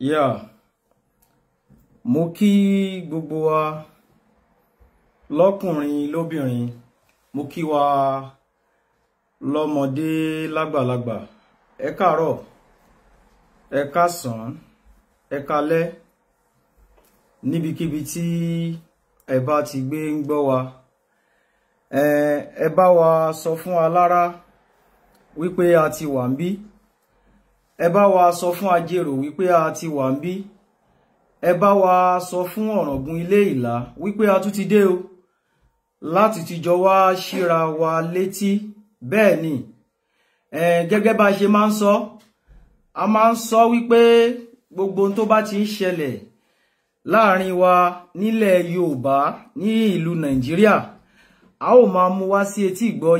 yeah mo kí gbogbo wa lọ́kùnrin lóbìnrin mo kí wa lọ́mọdé lágbàlagbà ẹ káàárọ̀ ẹ káàsán ẹ kálẹ́ níbikíbi tí ẹ bá ti gbé ń gbọ́ wa ẹ bá wa sọ fún alára wípé a ti wà ń bí ẹ wa sọ fún ajérò wípé a ti wà ń bí ẹ wa sọ fún ọ̀ràngún ilé ìlà wípé a tún ti dé o láti ti wá ṣíra wa létí bẹ́ẹ̀ ni gẹ́gẹ́ bá a ṣe máa ń sọ a máa ń sọ wípé gbogbo ohun tó bá ti ń ṣẹlẹ̀ láàrin wa nílẹ̀ yorùbá ní ìlú nàìjíríà a ó máa mú wá sí etí ìgbọ́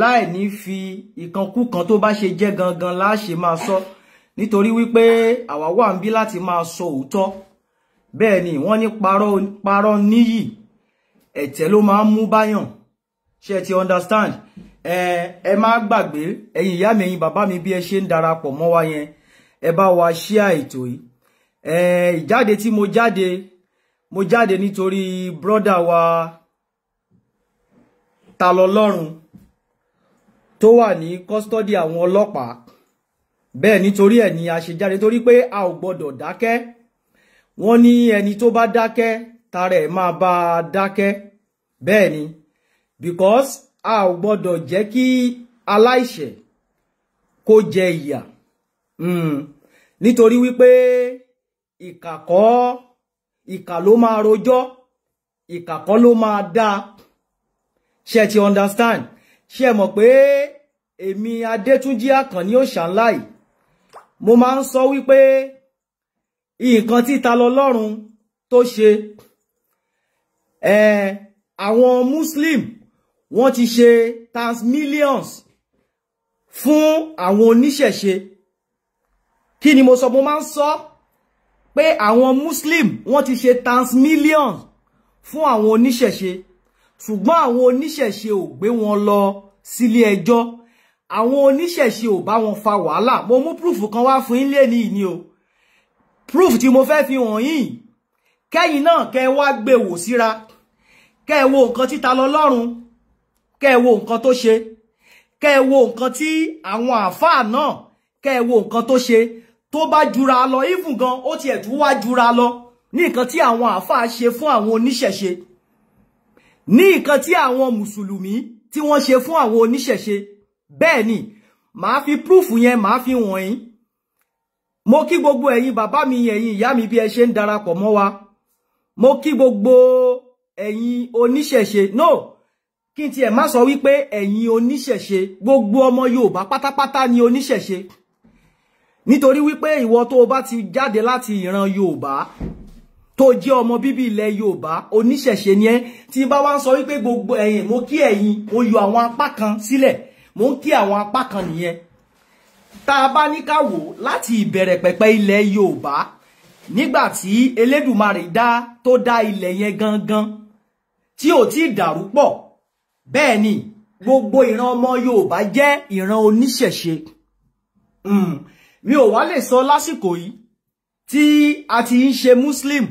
láì ní fi ìkankúkan tó bá ṣe jẹ́ gangan láṣẹ máa sọ nítorí wípé àwa wà ń bí láti máa sọ òótọ́ bẹ́ẹ̀ ni wọ́n ní parọ́ níyì ẹ̀tẹ́ ló máa ń mú báyàn ṣe ti understand ẹ ẹ má gbàgbé ẹ̀yin ìyá mi ẹ̀yin bàbá mi bí ẹ ṣe ń darapọ̀ mọ́ wa yẹn ẹ bá wa ṣíà ètò yìí ẹ ìjáde tí mo jáde mo jáde nítorí brọ́dà wa ta lọ́lọ́run tó wà ní kọ́sítọ́dì àwọn ọlọ́pàá bẹ́ẹ̀ nítorí ẹ̀ ni a ṣe jáde torí pé a ò gbọ́dọ̀ dákẹ́ wọ́n ní ẹni tó bá dákẹ́ tara ẹ̀ máa bá a dákẹ́ bẹ́ẹ̀ ni because a ò gbọ́dọ̀ jẹ́ kí aláìṣẹ̀ kó jẹ ìyà hmm. nítorí wípé ìkà kọ́ ìkà ló máa rojọ́ ìkà ló máa dáa ṣe ti understand ṣe mọ̀ pé èmi Adétúnjí Àkànní Òṣàńlá yìí mo máa ń sọ wípé nǹkan títa lọ́lọ́run tó ṣe eh, àwọn Muslim wọ́n ti ṣe tans millions fún àwọn oníṣẹ̀ṣe kí ni mo sọ mo máa ń sọ pé àwọn Muslim wọ́n ti ṣe tans millions fún àwọn oníṣẹ̀ṣe ṣùgbọ́n àwọn oníṣẹ̀ṣe ò gbé wọn lọ sílé ẹjọ́ àwọn oníṣẹ̀ṣe ò bá wọn fa wàhálà mo mú púrúfù kan wá fún ilé ní ìní o púrúfù tí mo fẹ́ fi hàn yìí kẹ́yìn náà kẹ́ wá gbé wò síra kẹ́ wo nǹkan títa lọ́lọ́run kẹ́ wo nǹkan tó ṣe kẹ́ wo nǹkan tí àwọn àáfàá náà kẹ́ wo nǹkan tó ṣe tó bá jura lọ even gan ó tiẹ̀ tún wá jura lọ ní nǹkan tí àwọn àáfàá ṣe fún àwọn oníṣẹ̀ṣe ní nǹkan tí àwọn musulumi ti wọ́n ṣe fún àwọn oníṣẹ̀ṣe bẹ́ẹ̀ ni màá fi púrúfù yẹn màá fi wọ̀n yín mo ki gbogbo ẹ̀yin baba mi ẹ̀yin ìyá mi bí ẹ ṣe ń darapọ̀ wa mo ki gbogbo ẹ̀yin oníṣẹ̀ṣe no kí n tiẹ̀ má sọ wípé ẹ̀yin oníṣẹ̀ṣe gbogbo ọmọ Yorùbá pátápátá ni oníṣẹ̀ṣe nítorí wípé ìwọ tó o bá ti jáde láti ìran Yorùbá tó jẹ́ ọmọ bíbí ilẹ̀ Yorùbá oníṣẹ̀ṣe ni ẹ́ tí bá wá ń sọ wípé gbogbo ẹ̀yin mo kí ẹ̀yin mo yọ àwọn apá kan sílẹ̀ mo ń kí àwọn apá kan nìyẹn tá a bá ní ká wò láti ìbẹ̀rẹ̀ pẹ̀pẹ̀ ilẹ̀ Yorùbá nígbà tí Elédùmarè dá tó dá ilẹ̀ yẹn gangan tí ò tí dàrú pọ̀ bẹ́ẹ̀ ni gbogbo ìran ọmọ Yorùbá jẹ́ ìran oníṣẹ̀ṣe hmm. mi ò wá lè sọ lásìkò yìí tí a ti ń ṣe Muslim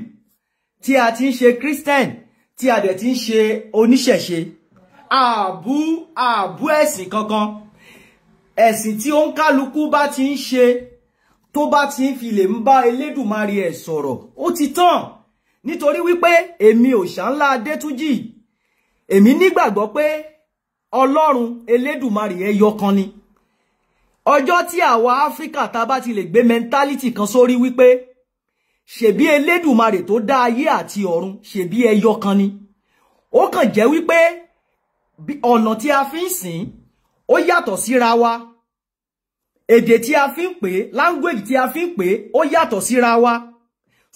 tí a ti ń ṣe Christian tí a dẹ̀ ti ń ṣe oníṣẹ̀ṣe àbú àbú ẹ̀sìn kankan ẹ̀sìn tí ó ń kálukú bá ti ń ṣe tó bá ti ń fi lè ń bá Elédùmarè ẹ̀ sọ̀rọ̀ ó ti tán nítorí wípé èmi Òòṣàńlá Adétúnjì èmi nígbàgbọ́ pé Ọlọ́run Elédùmarè ẹyọ kan ni ọjọ́ tí àwa Áfíríkà tá a bá ti lè gbé mẹ́ńtálítì kan sórí wípé ṣèbí elédùmarè tó dá ayé àti ọ̀run ṣèbí ẹyọ kan ni ó kàn jẹ́ wípé ọ̀nà tí a fi ń sìn ó yàtọ̀ síra wa èdè tí a fi ń pè language tí a fi ń pè ó yàtọ̀ síra wa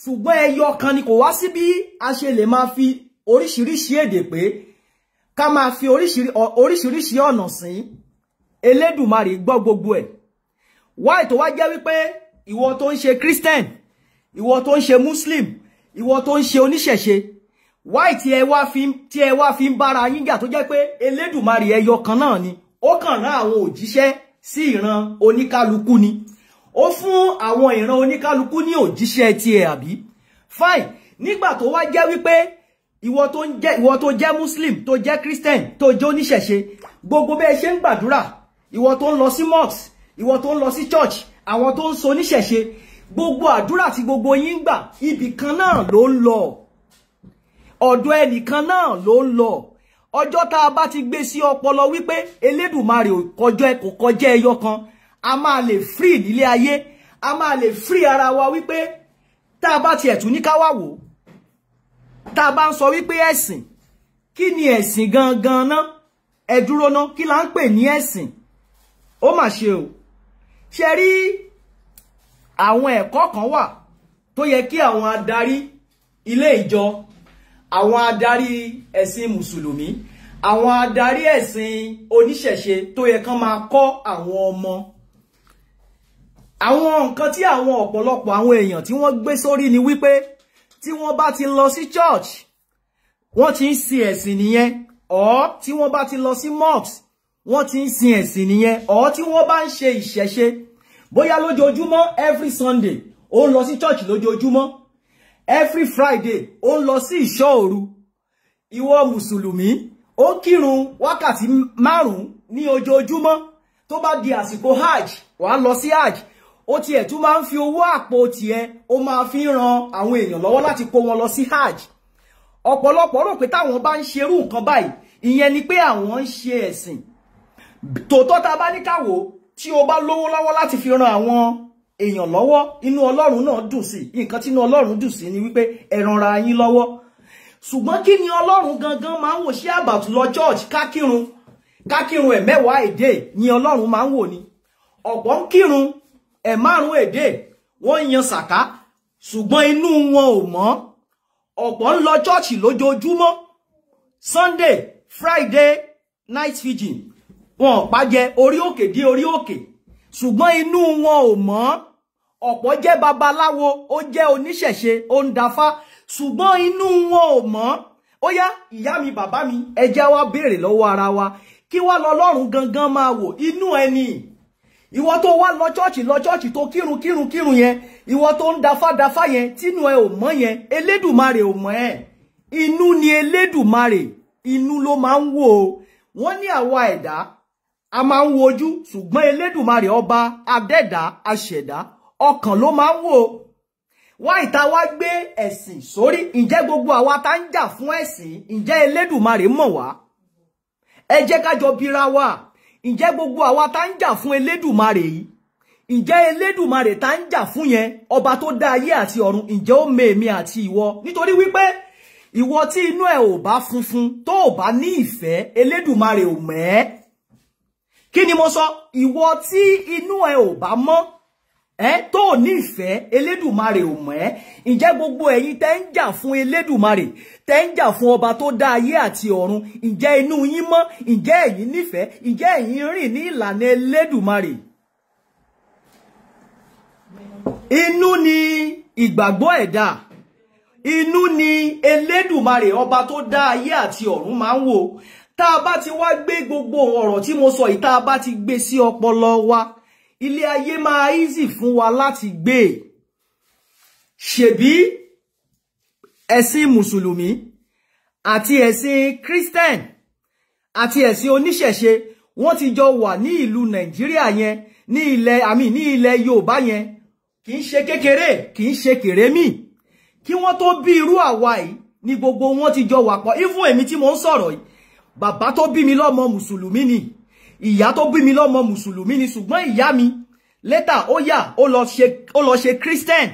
ṣùgbọ́n ẹyọ kan ni kò wá sí bí a ṣe lè máa fi oríṣiríṣi èdè pé ká máa fi oríṣiríṣi ọ̀nà sìn elédùmarè gbọ́ gbogbo ẹ̀ wáì tó wá jẹ́ wípé ìwọ tó ń ṣe Christian ìwọ tó ń ṣe muslim ìwọ tó ń ṣe oníṣẹ̀ṣe wáì tí ẹ wá fi tí ẹ wá fi ń bára yín jà tó jẹ́ pé elédùnmarè ẹyọ kan náà ni ó kàn rán àwọn òjíṣẹ́ sí ìran oníkálukú ni ó fún àwọn ìran oníkálukú ní òjíṣẹ́ tiẹ̀ àbí fine nígbà tó wá jẹ́ wípé ìwọ tó ń jẹ́ ìwọ tó jẹ́ muslim tó jẹ́ christian tó jẹ́ oníṣẹ̀ṣe gbogbo bẹ́ẹ̀ ṣe ń gbàdúrà ìwọ tó ń lọ sí mosque ìwọ tó ń lọ sí church àwọn tó ń so oníṣẹ̀ṣe gbogbo àdúrà tí gbogbo yín gbà ibì kan náà ló ń lọ ọ̀dọ̀ ẹnìkan náà ló ń lọ ọjọ́ tá a bá ti gbé sí ọpọlọ wípé elédùnmarè kọjọ́ kò kọjá ẹyọ kan a máa lè free nílé ayé a máa lè free ara wa wípé tá a bá ti ẹ̀tún ní káwá wò tá a bá ń sọ wípé ẹ̀sìn kí ni ẹ̀sìn gangan ná ẹ dúró ná kí là ń pè ní ẹ̀sìn ó mà ṣe o ṣe rí àwọn ẹ̀kọ́ kan wà tó yẹ kí àwọn adarí ilé ìjọ àwọn adarí ẹ̀sìn mùsùlùmí àwọn adarí ẹ̀sìn oníṣẹ̀ṣe tó yẹ kán máa kọ́ àwọn ọmọ àwọn nǹkan tí àwọn ọ̀pọ̀lọpọ̀ àwọn èèyàn tí wọ́n gbé sórí ni wípé tí wọ́n bá ti lọ sí church wọ́n ti ń sin ẹ̀sìn nìyẹn ọ̀ tí wọ́n bá ti lọ sí mosque wọ́n ti ń sin ẹ̀sìn nìyẹn ọ̀ tí wọ́n bá ń ṣe ìṣẹ̀ṣe bóyá lójoojúmọ́ every sunday ó ń lọ church lójoojúmọ́ every friday ó ń lọ sí ìṣọ́ òru ìwọ mùsùlùmí ó kírun wákàtí márùn-ún ní ojoojúmọ́ tó bá di àsìkò hajj wà á lọ sí hajj ó tiẹ̀ tún máa ń fi owó ti tiẹ̀ ó máa fi ń ran àwọn èèyàn lọ́wọ́ láti kó wọn lọ sí hajj ọ̀pọ̀lọpọ̀ rò pé táwọn bá ń ṣerú nǹkan báyìí ìyẹn ni pé àwọn ń ṣe ẹ̀sìn ta bá ní káwò tí o bá lówó lọ́wọ́ láti fi ran àwọn èèyàn lọ́wọ́ inú ọlọ́run náà dùn si nǹkan tí inú ọlọ́run dùn sí ni wípé ẹ ran ara yín lọ́wọ́ ṣùgbọ́n olorun gangan máa ń wò sí àbàtù lọ church kákírun kákírun ẹ̀ mẹ́wàá èdè ni olorun máa ń ni ọ̀pọ̀ ń kírun ẹ̀ márùn-ún èdè wọ́n yan sàká ṣùgbọ́n inú wọn ò mọ́ ọ̀pọ̀ ń church lójoojúmọ́ Sunday Friday night vigil wọn ò pàjẹ orí òkè dé orí òkè ṣùgbọ́n inú wọn ò mọ́ ọ̀pọ̀ jẹ́ babaláwo ó jẹ́ oníṣẹ̀ṣe ó ń dafá ṣùgbọ́n inú wọn ò mọ́ ó yá ìyá mi bàbá mi ẹjẹ́ wa béèrè lọ́wọ́ ara wa kí wá lọ́lọ́run gangan máa wò inú ẹni ìwọ tó wá lọ chọ́ọ̀chì lọ chọ́ọ̀chì tó kírun kírun kírun yẹn ìwọ tó ń dafá dafá yẹn tínú ẹ ò mọ́ yẹn elédùmarè ò mọ́ ẹ inú ni elédùmarè inú ló máa ń wò ó wọ́n ní àwa ẹ̀dá a máa ń wojú ṣùgbọ́n elédùnmarè ọba adẹ́dá aṣẹ̀dá ọkàn ló máa ń wò wáyé a wá gbé ẹ̀sìn sórí ǹjẹ́ gbogbo àwa tá ń jà fún ẹ̀sìn ǹjẹ́ elédùnmarè mọ̀ wá ẹ jẹ́ ká jọ bira wa ǹjẹ́ gbogbo àwa tá ń jà fún elédùnmarè yìí ǹjẹ́ elédùnmarè tá ń jà fún yẹn ọba tó dá ayé àti ọ̀run ǹjẹ́ ó mèmí àti ìwọ nítorí wípé ìwọ tí inú ẹ ò bá funfun tó ò bá ní ìfẹ́ elédùnmarè ò mẹ́ẹ́ kí ni mo sọ ìwọ tí inú ẹ ò bá mọ́ ẹ tó ní ìfẹ́ elédùmarè ò mọ̀ ẹ́ ǹjẹ́ gbogbo ẹ̀yin tẹ́ ń jà fún elédùmarè tẹ́ ń jà fún ọba tó dá ayé àti ọ̀run ǹjẹ́ inú yín mọ́ ǹjẹ́ ẹ̀yin nífẹ̀ẹ́ ǹjẹ́ ẹ̀yin rìn ní ìlànà elédùmarè inú ni ìgbàgbọ́ ẹ̀dá inú ni elédùmarè ọba tó dá ayé àti ọ̀run máa ń wò tá a ti wa gbé gbogbo ọ̀rọ̀ tí mo sọ yìí tá a ti gbé si opolo wa ilé ayé máa easy fún wa láti gbé ṣebí ẹ̀sìn mùsùlùmí àti ẹ̀sìn christian ati ẹ̀sìn oníṣẹ̀ṣe wọ́n ti jo wa ni ilu nigeria yẹn ní ilẹ̀ àmì ní ilẹ̀ yorùbá yẹn kì í ṣe kékeré kì í ṣe kèrémì kí wọ́n tó bí irú àwa yìí ni gbogbo wọn ti jọ wà pọ̀ even èmi tí mo ń sọ̀rọ̀ yìí bàbá tó bí mi lọ́mọ mùsùlùmí ni ìyá tó bí mi lọ́mọ mùsùlùmí ni ṣùgbọ́n ìyá mi létà ó yà ó lọ ṣe christian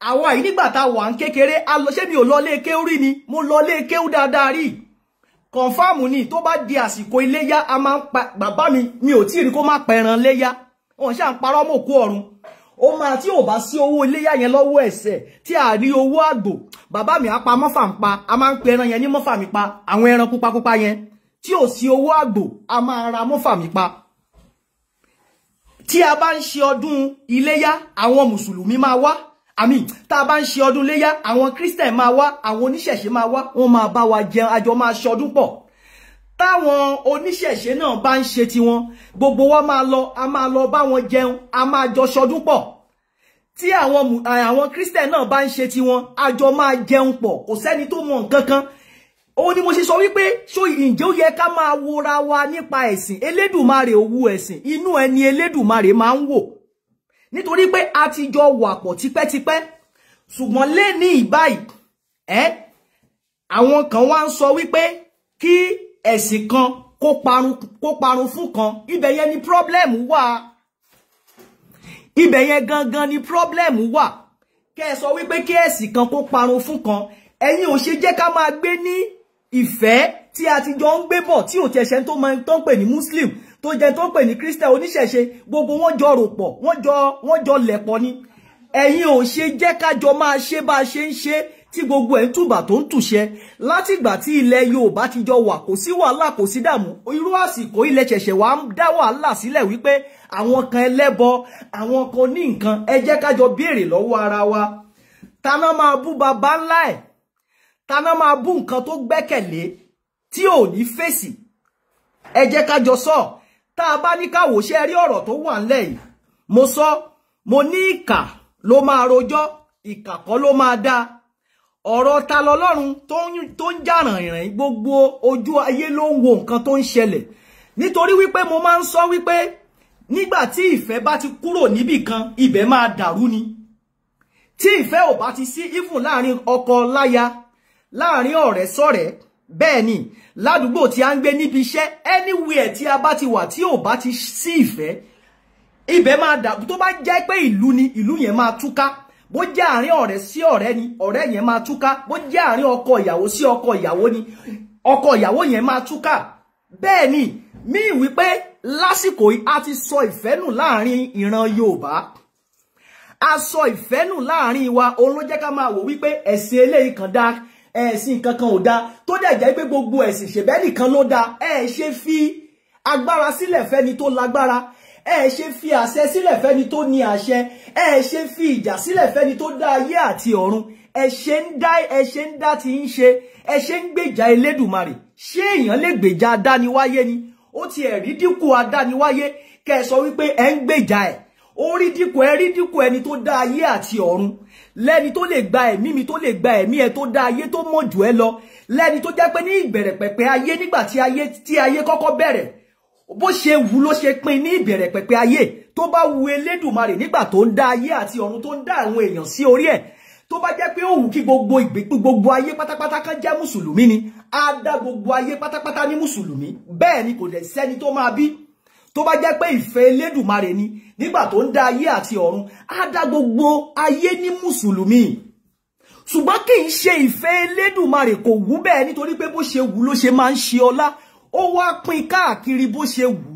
àwa yìí nígbà tá a wà ń kékeré a lọ ṣé mi ò lọ lé kéú rí ni mo lọ lé kéú dáadáa rí kọ̀ǹfàmù ni tó bá di àsìkò iléyá a máa ń pa bàbá mi mi o tí ì rí kó má pẹran léyá wọn ṣáà ń parọ́ mọ́ òkú ọ̀run ó máa tí ò bá sí owó iléyá yẹn lọ́wọ́ ẹ̀sẹ̀ a rí owó àgbò Baba mi á pa mọ́fà ń pa a máa ń pe ẹran yẹn ní mọ́fà mi pa àwọn ẹran pupapupa yẹn ti ò sí owó àgbò a máa ra mọ́fà mi pa tí a bá ń ṣe ọdún iléyá àwọn mùsùlùmí máa wá àmì tá a bá ń ṣe ọdún léyá àwọn christian máa wá àwọn oníṣẹ̀ṣe máa wá wọ́n máa bá wa jẹun àjọ máa ṣe ọdún pọ̀ táwọn oníṣẹ̀ṣe náà bá ń ṣe tiwọn gbogbo wa máa lọ a máa lọ bá wọn jẹun a máa jọ ṣọdún pọ̀ tí àwọn eh, àwọn christian náà bá ń ṣe tiwọn a jọ máa jẹun pọ̀ kò sẹ́ni tó mọ nǹkan kan ó ní mo ṣe sọ wípé ṣó ǹjẹ́ ó yẹ ká máa wora wa nípa ẹ̀sìn elédùmarè owó ẹ̀sìn inú ẹni elédùmarè máa ń wò nítorí pé a ti jọ wà pọ̀ tipẹ́tipẹ́ ṣùgbọ́n lẹ́ni ìbáyìí ẹ́ eh, àwọn kan wá ń sọ wípé kí ẹ̀sìn kan kó parun fún kan ibẹ̀ yẹn ni problem wà ibẹ̀ yẹn gangan ni problem wà kẹ́ ẹ sọ wípé kí ẹ̀sìn kan kó parun fún kan ẹ̀yin ò ṣe jẹ́ ká máa gbé ní ìfẹ́ tí a ti jọ ń gbé bọ̀ tí ò ti ẹ̀ṣẹ̀ tó máa tó ń pè ní muslim tó jẹ́ tó ń pè ní christian oníṣẹ̀ṣe gbogbo wọ́n jọ rò pọ̀ wọ́n jọ wọ́n jọ lẹ̀pọ̀ ni ẹ̀yin ò ṣe jẹ́ ká jọ máa ṣe bá a ṣe ń ṣe tí gbogbo ẹ̀ ń tùbà tó ń tùṣẹ látìgbà tí ilẹ̀ Yorùbá ti jọ wà kò sí wàhálà kò sí dààmú irú àsìkò ilẹ̀ ṣẹ̀ṣẹ̀ wà ń dá wàhálà sílẹ̀ wípé àwọn kan ẹlẹ́bọ àwọn kan ní nǹkan ẹ jẹ́ ká jọ béèrè lọ́wọ́ ara wa taná máa bú baba ńlá ẹ̀ taná máa bú nǹkan tó gbẹ́kẹ̀lé tí ò ní fèsì ẹ jẹ́ ká jọ sọ tá a bá ní káwò ṣe rí ọ̀rọ̀ tó wà ńlẹ̀ yìí mo sọ mo ní ìkà ló máa rojọ́ ìkà kọ́ ló máa dáa ọ̀rọ̀ ta lọ́lọ́run tó ń jàràn ìrìn gbogbo ojú ayé ló ń wo nǹkan tó ń ṣẹlẹ̀ nítorí wípé mo máa ń sọ wípé nígbà tí ìfẹ́ bá ti kúrò níbì kan ibẹ̀ máa dàrú ni tí ìfẹ́ ò bá ti sí ìfún láàrin ọkọ láya láàrin ọ̀rẹ́ sọ̀rẹ́ bẹ́ẹ̀ ni ládùúgbò tí a ń gbé níbi iṣẹ́ anywhere tí a bá ti wà tí ò bá ti sí ìfẹ́ ibẹ̀ máa dàrú tó bá jẹ́ pé ìlú ni ìlú yẹn máa túká bó jẹ́ àárín ọ̀rẹ́ sí ọ̀rẹ́ ni ọ̀rẹ́ yẹn máa túká bó jẹ́ àárín ọkọ ìyàwó sí ọkọ ìyàwó ni ọkọ ìyàwó yẹn máa túká bẹ́ẹ̀ ni mí wípé lásìkò yìí a ti sọ ìfẹ́ nù láàrin ìran Yorùbá a sọ ìfẹ́ nù láàrin wa òun ló jẹ́ ká máa wò wípé ẹ̀sìn eléyìí kan dá ẹ̀sìn kankan ò dá tó dẹ̀ jẹ́ pé gbogbo ẹ̀sìn ṣèbẹ́ nìkan ló dá ẹ̀ ṣe fi agbára sílẹ̀ fẹ́ni tó lágbára ẹ ṣe fi àṣẹ sílẹ̀ fẹ́ni tó ní àṣẹ ẹ ṣe fi ìjà sílẹ̀ fẹ́ni tó dá ayé àti ọ̀run ẹ ṣe ń dá ẹ ṣe ń dá ti ń ṣe ẹ ṣe ń gbèjà Elédùmarè ṣé èèyàn lè gbèjà adániwáyé ni ó ti ẹ̀rí dínkù adániwáyé kẹ́ ẹ sọ wípé ẹ ń gbèjà ẹ̀ ó rí dínkù ẹ rí dínkù ẹni tó dá ayé àti ọ̀run lẹ́ni tó lè gba ẹ̀mí mi tó lè gba ẹ̀mí ẹ tó dá ayé tó mọ̀ jù ẹ lọ lẹ́ni tó jẹ́ pé ní ìbẹ̀rẹ̀ pẹ̀pẹ̀ ayé nígbà tí ayé tí ayé kọ́kọ́ bẹ̀rẹ̀ bó ṣe wù ló ṣe pín ní ìbẹ̀rẹ̀ pẹ̀pẹ̀ ayé tó bá wu elédùnmarè nígbà tó ń dá ayé àti ọ̀run tó ń dá àwọn èèyàn sí orí ẹ̀ tó bá jẹ́ pé ó wù kí gbogbo ìgbèpín gbogbo ayé pátápátá kan jẹ́ mùsùlùmí ni á dá gbogbo ayé pátápátá ní mùsùlùmí bẹ́ẹ̀ ni kò dẹ̀ sẹ́ni tó máa bí tó bá jẹ́ pé ìfẹ́ elédùnmarè ni nígbà tó ń dá ayé àti ọ̀run á dá gbogbo ayé ní mùsùlùmí ṣùgbọ́n kì í ṣe ìfẹ́ elédùnmarè kò wù bẹ́ẹ̀ nítorí pé bó ṣe wù ló ṣe máa ń ṣe ọlá ó wá pín káàkiri bó ṣe wù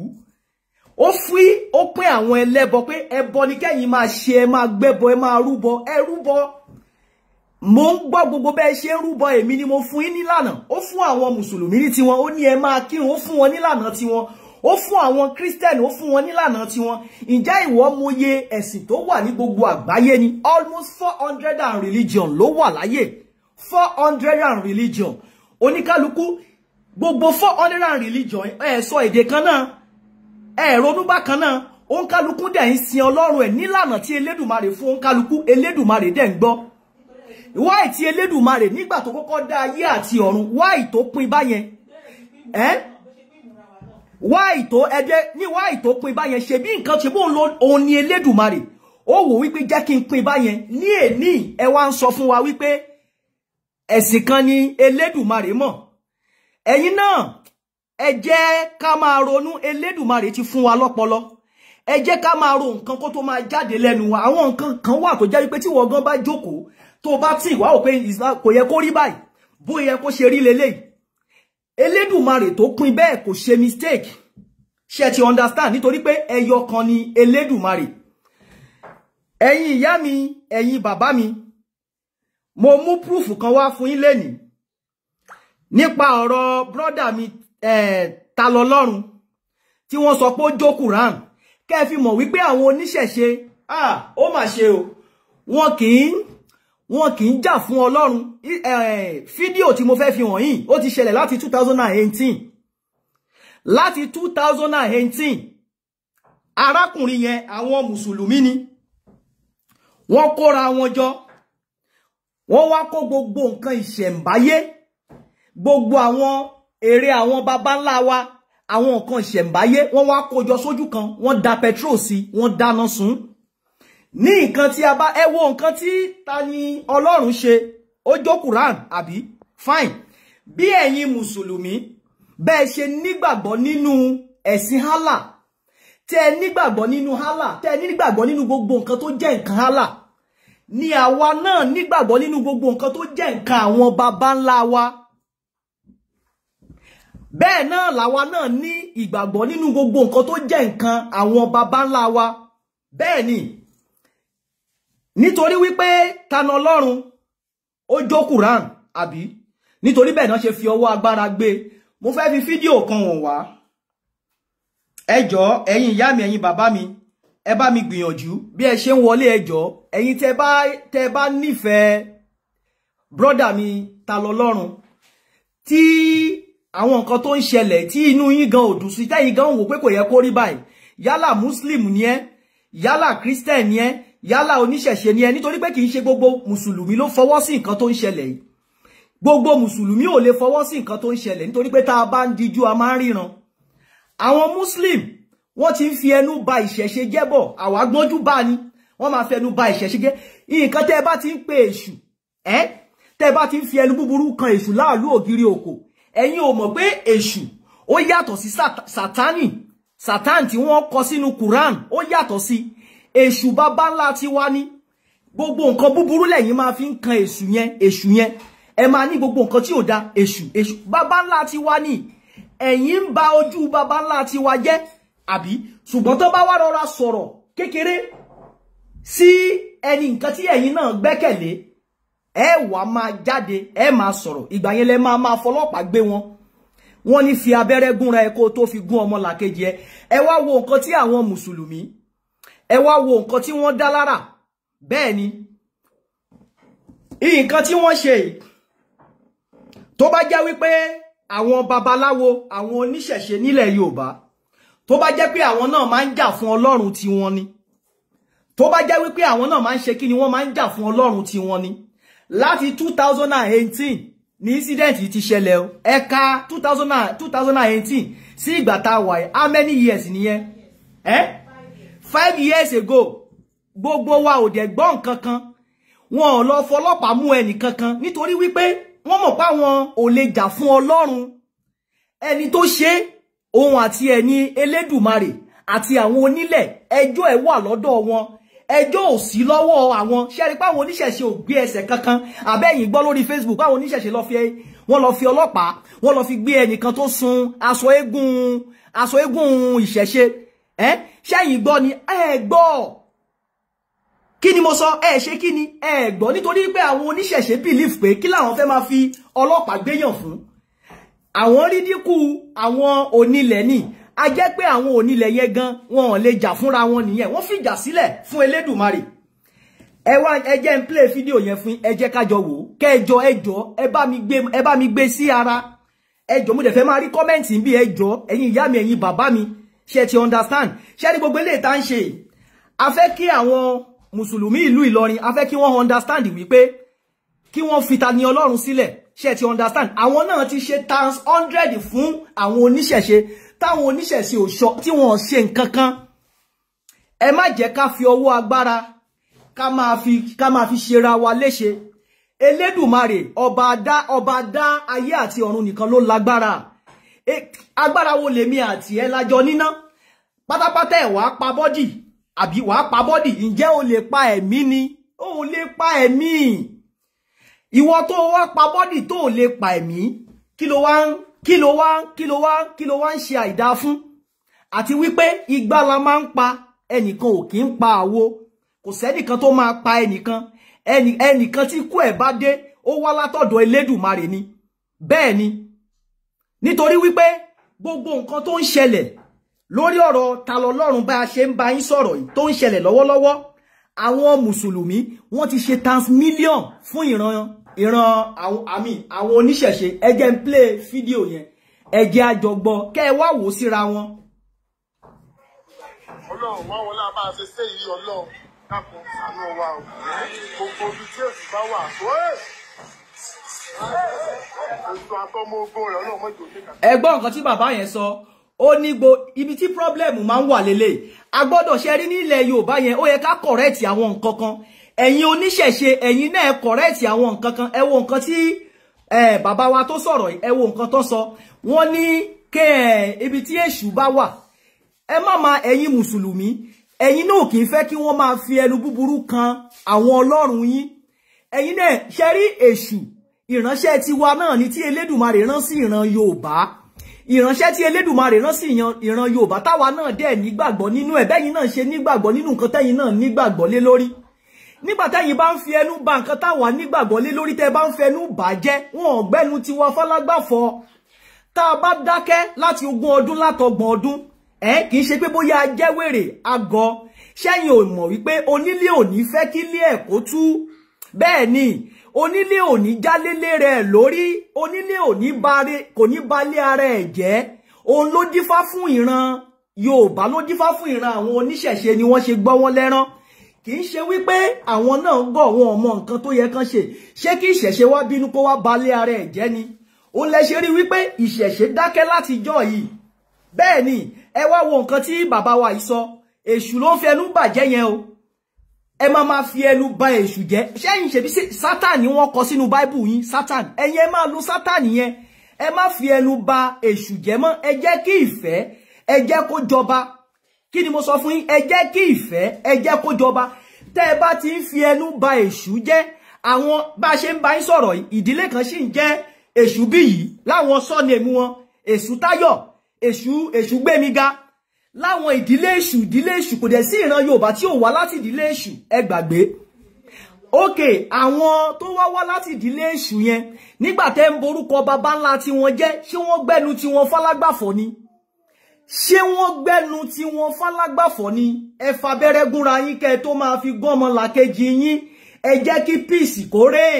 ú ó fí ó pín àwọn ẹlẹ́bọ pé ẹbọ ni kẹ́yìn máa ṣe ẹ máa gbẹ́bọ ẹ máa rúbọ ẹ rúbọ mo ń gbọ́ gbogbo bẹ́ẹ̀ ṣe rúbọ èmi ni mo fún yín nílànà ó fún àwọn mùsùlùmí ní tiwọn ó ní ẹ máa kírun ó fún wọn nílànà tiwọn ó fún àwọn christian ó fún wọn nílànà tiwọn ǹjẹ́ ìwọ mọye ẹ̀sìn tó wà ní gbogbo àgbáyé ni almost four hundred and religion ló wà láyé four hundred and religion oníkálukú gbogbo four hundred and religion ẹ sọ èdè kan náà ẹ ronú bákan náà òǹkálukú dẹ̀ ń sin ọlọ́run ẹ̀ nílànà tí elédùmarè fún òǹkálukú elédùmarè dẹ̀ ń gbọ́ wáì tí elédùmarè nígbà tó kọ́kọ́ dá ayé àti ọ̀run wáì tó pín báyẹn ẹ́ wáì tó ẹdẹ ní wáì tó pín báyẹn ṣe bí nǹkan ṣe bó ń lo òun ni elédùmarè ó wò wípé jẹ́ kí n pín báyẹn ní èní ẹ wá ń sọ fún wa wípé ẹ̀sìn kan ni elédùmarè mọ̀ ẹ̀yin náà ẹ jẹ́ ká máa ronú elédùmarè ti fún wa lọ́pọlọ ẹ jẹ́ ká máa ro nǹkan kó tó máa jáde lẹ́nu wa àwọn nǹkan kan wà tó jẹ́ wípé tí wọ́n gan bá jókòó tó bá tì wá ò pé kò yẹ kó rí báyìí bó yẹ kó ṣe rí leléyìí elédùmarè tó pin bẹ́ẹ̀ kò ṣe mistake ṣe ti understand nítorí pé ẹyọ kan ni elédùmarè ẹ̀yin ìyá mi ẹ̀yin bàbá mi mo mú proof kan wá fún yín lénìí nípa ọ̀rọ̀ brọ́dà mi ta lọ́lọ́run tí wọ́n sọ pé ó jó Quran kẹ́ ẹ fi mọ̀ wípé àwọn oníṣẹ̀ṣe ó mà ṣe o wọn kì í wọn kì í jà fún ọlọ́run fídíò tí mo fẹ́ fi hàn yìí ó ti ṣẹlẹ̀ láti 2018 láti 2018 arákùnrin yẹn àwọn mùsùlùmí ni wọ́n kóra wọn jọ wọ́n wá kó gbogbo nǹkan ìṣẹ̀ǹbáyé gbogbo àwọn èrè àwọn baba ńlá wa àwọn nǹkan ìṣẹ̀mbáyé wọ́n wá kójọ sójú kan wọ́n da petrol sí wọ́n dáná sun ní nǹkan tí a bá ẹ wo nǹkan tí ta ni ọlọ́run ṣe ó jó quran àbí fine bí ẹ̀yin mùsùlùmí bẹ́ẹ̀ ṣe nígbàgbọ́ nínú ẹ̀sìn Allah tẹ́ nígbàgbọ́ nínú Allah tẹ́ nígbàgbọ́ nínú gbogbo nǹkan tó jẹ́ nǹkan Allah ni àwa náà nígbàgbọ́ nínú gbogbo nǹkan tó jẹ́ nǹkan àwọn baba ńlá wa bẹ́ẹ̀ náà làwa náà ní ìgbàgbọ́ nínú gbogbo nǹkan tó jẹ́ nǹkan àwọn baba ńlá wa bẹ́ẹ̀ ni nítorí wípé tana ọlọ́run ó jó Quran àbí nítorí bẹ́ẹ̀ náà ṣe fi ọwọ́ agbára gbé mo fẹ́ fi fídíò kan wọ̀n wá ẹ jọ̀ọ́ ẹ̀yin ìyá mi ẹ̀yin bàbá mi ẹ bá mi gbìyànjú bí ẹ ṣe ń wọlé ẹ ẹ̀yin tẹ bá tẹ bá nífẹ̀ẹ́ brọ́dà mi ta lọ lọ́rùn tí àwọn nǹkan tó ń ṣẹlẹ̀ tí inú yín gan ò dùn sí tẹ́yìn gan wò pé kò yẹ kó rí báyìí yálà muslim ni ẹ́ yálà christian ni ẹ́ yálà oníṣẹ̀ṣe ni ẹ́ nítorí pé kì í ṣe gbogbo mùsùlùmí ló fọwọ́ sí nǹkan tó ń ṣẹlẹ̀ yìí gbogbo mùsùlùmí ò lè fọwọ́ sí nǹkan tó ń ṣẹlẹ̀ nítorí pé tá a bá ń dijú a máa ń ríran àwọn muslim wọ́n ti ń fi ẹnu ba ìṣẹ̀ṣe jẹ́ bọ̀ àwa gbọ́njú bá ni wọ́n máa fi ẹnu ba ìṣẹ̀ṣe jẹ́ nǹkan tẹ́ ẹ bá ti ń pe èṣù ẹ́ tẹ́ ẹ bá ti ń fi ẹnu búburú kan èṣù láàlú ògiri òkò ẹ̀yin ò mọ̀ pé èṣù ó yàtọ̀ sí sátánì sátán tí wọ́n kọ sínú quran ó yàtọ̀ sí èṣù bàbá ńlá tí wá ní gbogbo nǹkan búburú lẹ́yìn máa fi ń kan èṣù yẹn èṣù yẹn ẹ máa ní gbogbo nǹkan tí ò da èṣù èṣù bàbá ńlá tí wá ní ẹ̀yin ń ba ojú bàbá ńlá tí wá jẹ́ àbí ṣùgbọ́n tó bá wá rọra sọ̀rọ̀ kékeré sí ẹni nǹkan tí ẹ̀yin náà gbẹ́kẹ̀lé ẹ wàá máa jáde ẹ máa sọ̀rọ̀ ìgbà yẹn lẹ máa máa fọlọ́pàá gbé wọn wọ́n ní fi abẹ́rẹ́ gúnra ẹ kó tó fi gún ọmọ làkejì ẹ ẹ wá wo nǹkan tí àwọn mùsùlùmí ẹ wá wo nǹkan tí wọ́n dá lára bẹ́ẹ̀ ni nǹkan tí wọ́n ṣe tó bá jẹ́ wípé àwọn babaláwo àwọn oníṣẹ̀ṣe nílẹ̀ Yorùbá tó bá jẹ́ pé àwọn náà máa ń jà fún Ọlọ́run tiwọn ni tó bá jẹ́ wípé àwọn náà máa ń ṣe kí ni wọ́n máa ń jà fún Ọlọ́run tiwọn ni láti 2018 ní incident yìí ti ṣẹlẹ̀ o ẹ̀ka 2018 sí ìgbà tá a wà how many years nìyẹn eh? five years ago gbogbo wa ò dẹ̀ gbọ́ nǹkan kan wọn ò lọ fọlọ́pàá mú ẹnì kankan nítorí wípé wọ́n mọ̀ páwọn ò lè jà fún Ọlọ́run ẹni tó ṣe òun àti ẹni Elédùmarè àti àwọn onílẹ̀ ẹjọ́ ẹ̀ wà lọ́dọ̀ wọn ẹjọ́ ò sí lọ́wọ́ àwọn ṣẹ́rí páwọn oníṣẹ̀ṣe ò gbé ẹsẹ̀ kankan àbẹ́yìn gbọ́ lórí Facebook báwọn oníṣẹ̀ṣe lọ fi wọ́n lọ fi ọlọ́pàá wọ́n lọ fi gbé ẹnìkan tó sun aṣọ eégún aṣọ eégún ìṣẹ̀ṣe ẹ́ ṣẹ́yìn gbọ́ ni ẹ gbọ́ kí ni mo sọ ẹ ṣe kí ni ẹ gbọ́ nítorí pé àwọn oníṣẹ̀ṣe believe pé kí làwọn fẹ́ máa fi ọlọ́pàá gbéyàn fún àwọn rídíkù àwọn onílẹ̀ ni a jẹ́ pé àwọn onílẹ̀ yẹn gan wọn ò lè jà fúnra wọn nìyẹn wọ́n fìjà sílẹ̀ fún Elédùmarè ẹ wá ẹ jẹ́ n play fídíò yẹn fún ẹ jẹ́ kájọ wò ó kẹjọ ẹjọ ẹ bá mi gbé ẹ bá mi gbé sí ara ẹjọ mo dẹ̀ fẹ́ máa rí kọ́mẹ́ǹtì bí ẹjọ ẹ̀yin ìyá mi ẹ̀yin bàbá mi ṣe ti understand ṣe ni gbogbo eléyìí tá ń ṣe a fẹ́ kí àwọn mùsùlùmí ìlú Ìlọrin a fẹ́ kí wọ́n understand wípé kí wọ́n fi ta ni Ọlọ́run sílẹ̀ ṣe ti understand àwọn náà ti ṣe times hundred fún àwọn oníṣẹ̀ṣe táwọn oníṣẹ̀ṣe òṣọ tí wọ́n ṣe nǹkan kan ẹ má jẹ́ ká fi ọwọ́ agbára ká máa fi ká máa fi ṣera wa léṣe elédùmarè ọba dá ọba dá ayé àti ọ̀run nìkan ló lágbára e, agbára wo lèmi àti ẹ lájọ níná pátápátá ẹ wàá pa bọ́dì àbí wàá pa bọ́dì ǹjẹ́ o lè pa ẹ̀mí ni o lè pa ẹ̀mí ìwọ tó wá pa bọ́dì tó lè pa ẹ̀mí kí ló wá ń kí ló wá kí ló wá kí ló wá ń ṣe àìdá fún àti wípé igbá máa ń pa ẹnìkan ò kí ń pa àwo kò sẹ́nìkan tó máa pa ẹnìkan ẹnìkan tí ikú ẹ̀ bá dé ó wá látọ̀dọ̀ elédùmarè ni bẹ́ẹ̀ ni nítorí wípé gbogbo nǹkan tó ń ṣẹlẹ̀ lórí ọ̀rọ̀ ta lọ́lọ́run bá a ṣe ń bá yín sọ̀rọ̀ yìí tó ń ṣẹlẹ̀ lọ́wọ́lọ́wọ́ àwọn mùsùlùmí wọ́n ti ṣe transmillion fún ìran ìran àwọn àmì àwọn oníṣẹ̀ṣe ẹ jẹ́ ń play fídíò yẹn ẹ jẹ́ a jọ gbọ́ kẹ́ ẹ wá wò ó síra wọn. ọlọ́run wá wọn lábá ṣe ṣe yìí ọlọ́run dákun ṣàánú wa o gbogbo ibi tí èsì bá wà ètò àtọmọ ogun rẹ ọlọ́run mọ́jọ nǹkan tí bàbá yẹn sọ ó ní gbo ibi tí pírọ́blẹ̀mù máa ń wà lélẹ̀ a gbọ́dọ̀ ṣe rí ní Yorùbá yẹn ó yẹ ká kọ̀rẹ́ẹ̀tì àwọn nǹkan kan ẹ̀yin oníṣẹ̀ṣe ẹ̀yin náà kọ̀rẹ́ẹ̀tì àwọn nǹkan kan ẹ wo nǹkan tí bàbá wa tó sọ̀rọ̀ yìí ẹ wo nǹkan tó sọ wọ́n ní kí ibi tí èṣù bá wà ẹ má ma ẹ̀yin mùsùlùmí ẹ̀yin náà kì í fẹ́ kí wọ́n máa fi ẹnu búburú kan àwọn ọlọ́run yín ẹ̀yin náà ṣe rí èṣù ìránṣẹ́ tiwa náà ni tí elédùmarè rán sí ìran yorùbá ìránṣẹ́ tí elédùmarè rán sí ìran yorùbá táwa náà dẹ̀ nígbàgbọ́ nínú ẹ̀ bẹ́yìn náà ṣe nígbàgbọ́ nínú nǹkan tẹ́yìn náà nígbàgbọ́ lé lórí nígbà tẹ́yìn bá ń fi ẹnu bà nǹkan táwa nígbàgbọ́ lórí tẹ́ bá ń fẹnu bà jẹ́ wọn ò gbẹ́nu tiwa fálágbàfọ́ tá a bá dákẹ́ láti ogún ọdún látọgbọ̀n ọdún ẹ kì ṣe pé bóyá a jẹ́ ṣẹ́yìn ò mọ̀ wípé onílé ò ní fẹ́ kílé ẹ̀ kó tú bẹ́ẹ̀ ni onílé ò jálélé rẹ̀ lórí onílé ò kò ní balẹ̀ ara ẹ̀ jẹ́ òun ló dífá fún ìran Yorùbá ló dífá fún ìran àwọn oníṣẹ̀ṣe ni wọ́n ṣe gbọ́ lẹ́rán kì í ṣe wípé àwọn náà gọ̀ wọn ọmọ nǹkan tó yẹ kán ṣe ṣé kí ìṣẹ̀ṣe wá bínú kó wá balẹ̀ ara ẹ̀ jẹ́ ni ó lẹ ṣe rí wípé ìṣẹ̀ṣe dákẹ́ láti jọ yìí bẹ́ẹ̀ ni ẹ wá wo nǹkan tí bàbá wa yìí sọ èṣù ló ń fi ẹnu bàjẹ́ yẹn o ẹ máa máa fi ẹnu ba èṣù jẹ́ ṣẹ́yìn ṣèbí sátán ni wọ́n kọ sínú báíbù yín sátán ẹ̀yin ẹ máa lu sátán yẹn ẹ má fi ẹnu ba èṣù jẹ́ mọ́ ẹ jẹ́ kí ìfẹ́ ẹ jẹ́ kó jọba kí ni mo sọ fún yín ẹ jẹ́ kí ìfẹ́ ẹ jẹ́ kó jọba tẹ́ ẹ bá ti ń fi ẹnu ba èṣù jẹ́ àwọn bá a ṣe ń bá yín sọ̀rọ̀ yìí ìdílé kan sì ń jẹ́ èṣù bí yìí láwọn sọ́ọ̀nì èmu wọn èṣù táyọ̀ èṣù èṣù gbémiga láwọn ìdílé èṣù ìdílé èṣù kò dẹ̀ sí ìran yorùbá tí ò wá láti ìdílé èṣù ẹ gbàgbé okay àwọn tó wá wá láti ìdílé èṣù yẹn nígbà tẹ́ ń borúkọ baba ńlá tí wọ́n jẹ́ ṣé wọ́n gbẹ́nu tí wọ́n ni ṣé wọ́n gbẹ́nu tí wọ́n fálágbàfọ̀ ni ẹ fabẹ́rẹ́ gúnra yín kẹ́ ẹ tó máa fi gún ọmọ làkejì yín ẹ jẹ́ kí píìsì kó rèé.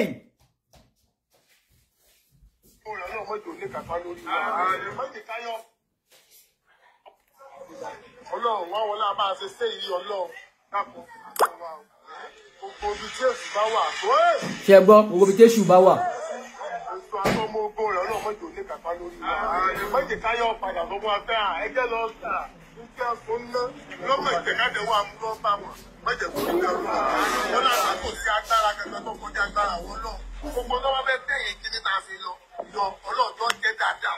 ọlọ́run wá wọlé a máa ṣe ṣé ìyí ọlọ́run dákun gbogbo ibi tí èṣù bá wà. ṣe gbọ́ gbogbo tí èṣù bá wà sọ àwọn ọmọ ogun rẹ̀ ọlọ́mọ jò ní kàkà lórí wa méjì káyọ̀ padà bọ́ wọn fẹ́ à ẹjẹ́ lọ sà ń kí a fún ná lọ́mọ ìtẹ̀kádẹ́ wa mú lọ́ bá wọn méjì kò ní kàkà wọn náà kò sí agbára kankan tó kọjá agbára wọn lọ gbogbo tó wọn fẹ́ tẹ̀yìn kí ní ta fi lọ yọ ọlọ́ọ̀tọ́ jẹ́ dáadáa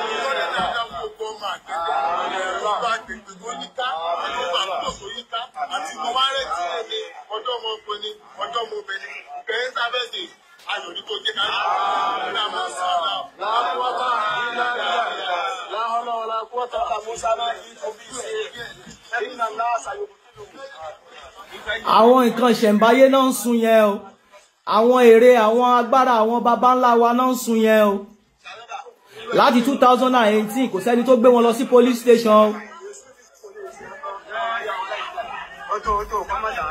ọlọ́ọ̀tọ́ jẹ́ dáadáa gbogbo ọmọ àgbẹ̀dẹ gbogbo àgbègbè tó yíká gbogbo àdúgbò tó yíká àti gbogbo arẹ́tì ẹni ọjọ́ ọmọ ọjọ́ ọmọ kẹ́hìn sábẹ́ẹ̀dì ayọ̀ ní kò jẹ́ ká yẹ. lámà sàlá láwọ́tà ìlànà láhọ́lọ́ làkúwọ́tà àmúsálà ìtòbí ṣe ẹ̀yìn àlá àṣàyò kìlù. àwọn nǹkan ṣẹ̀ǹbáyé náà ń sun yẹn o àwọn èrè àwọn agbára àwọn baba ńlá wa náà ń sun yẹn o láti two thousand and eighteen kò sẹ́ni tó gbé wọn lọ sí police station o. ọjọ́ ọjọ́ kọ́mọ̀dà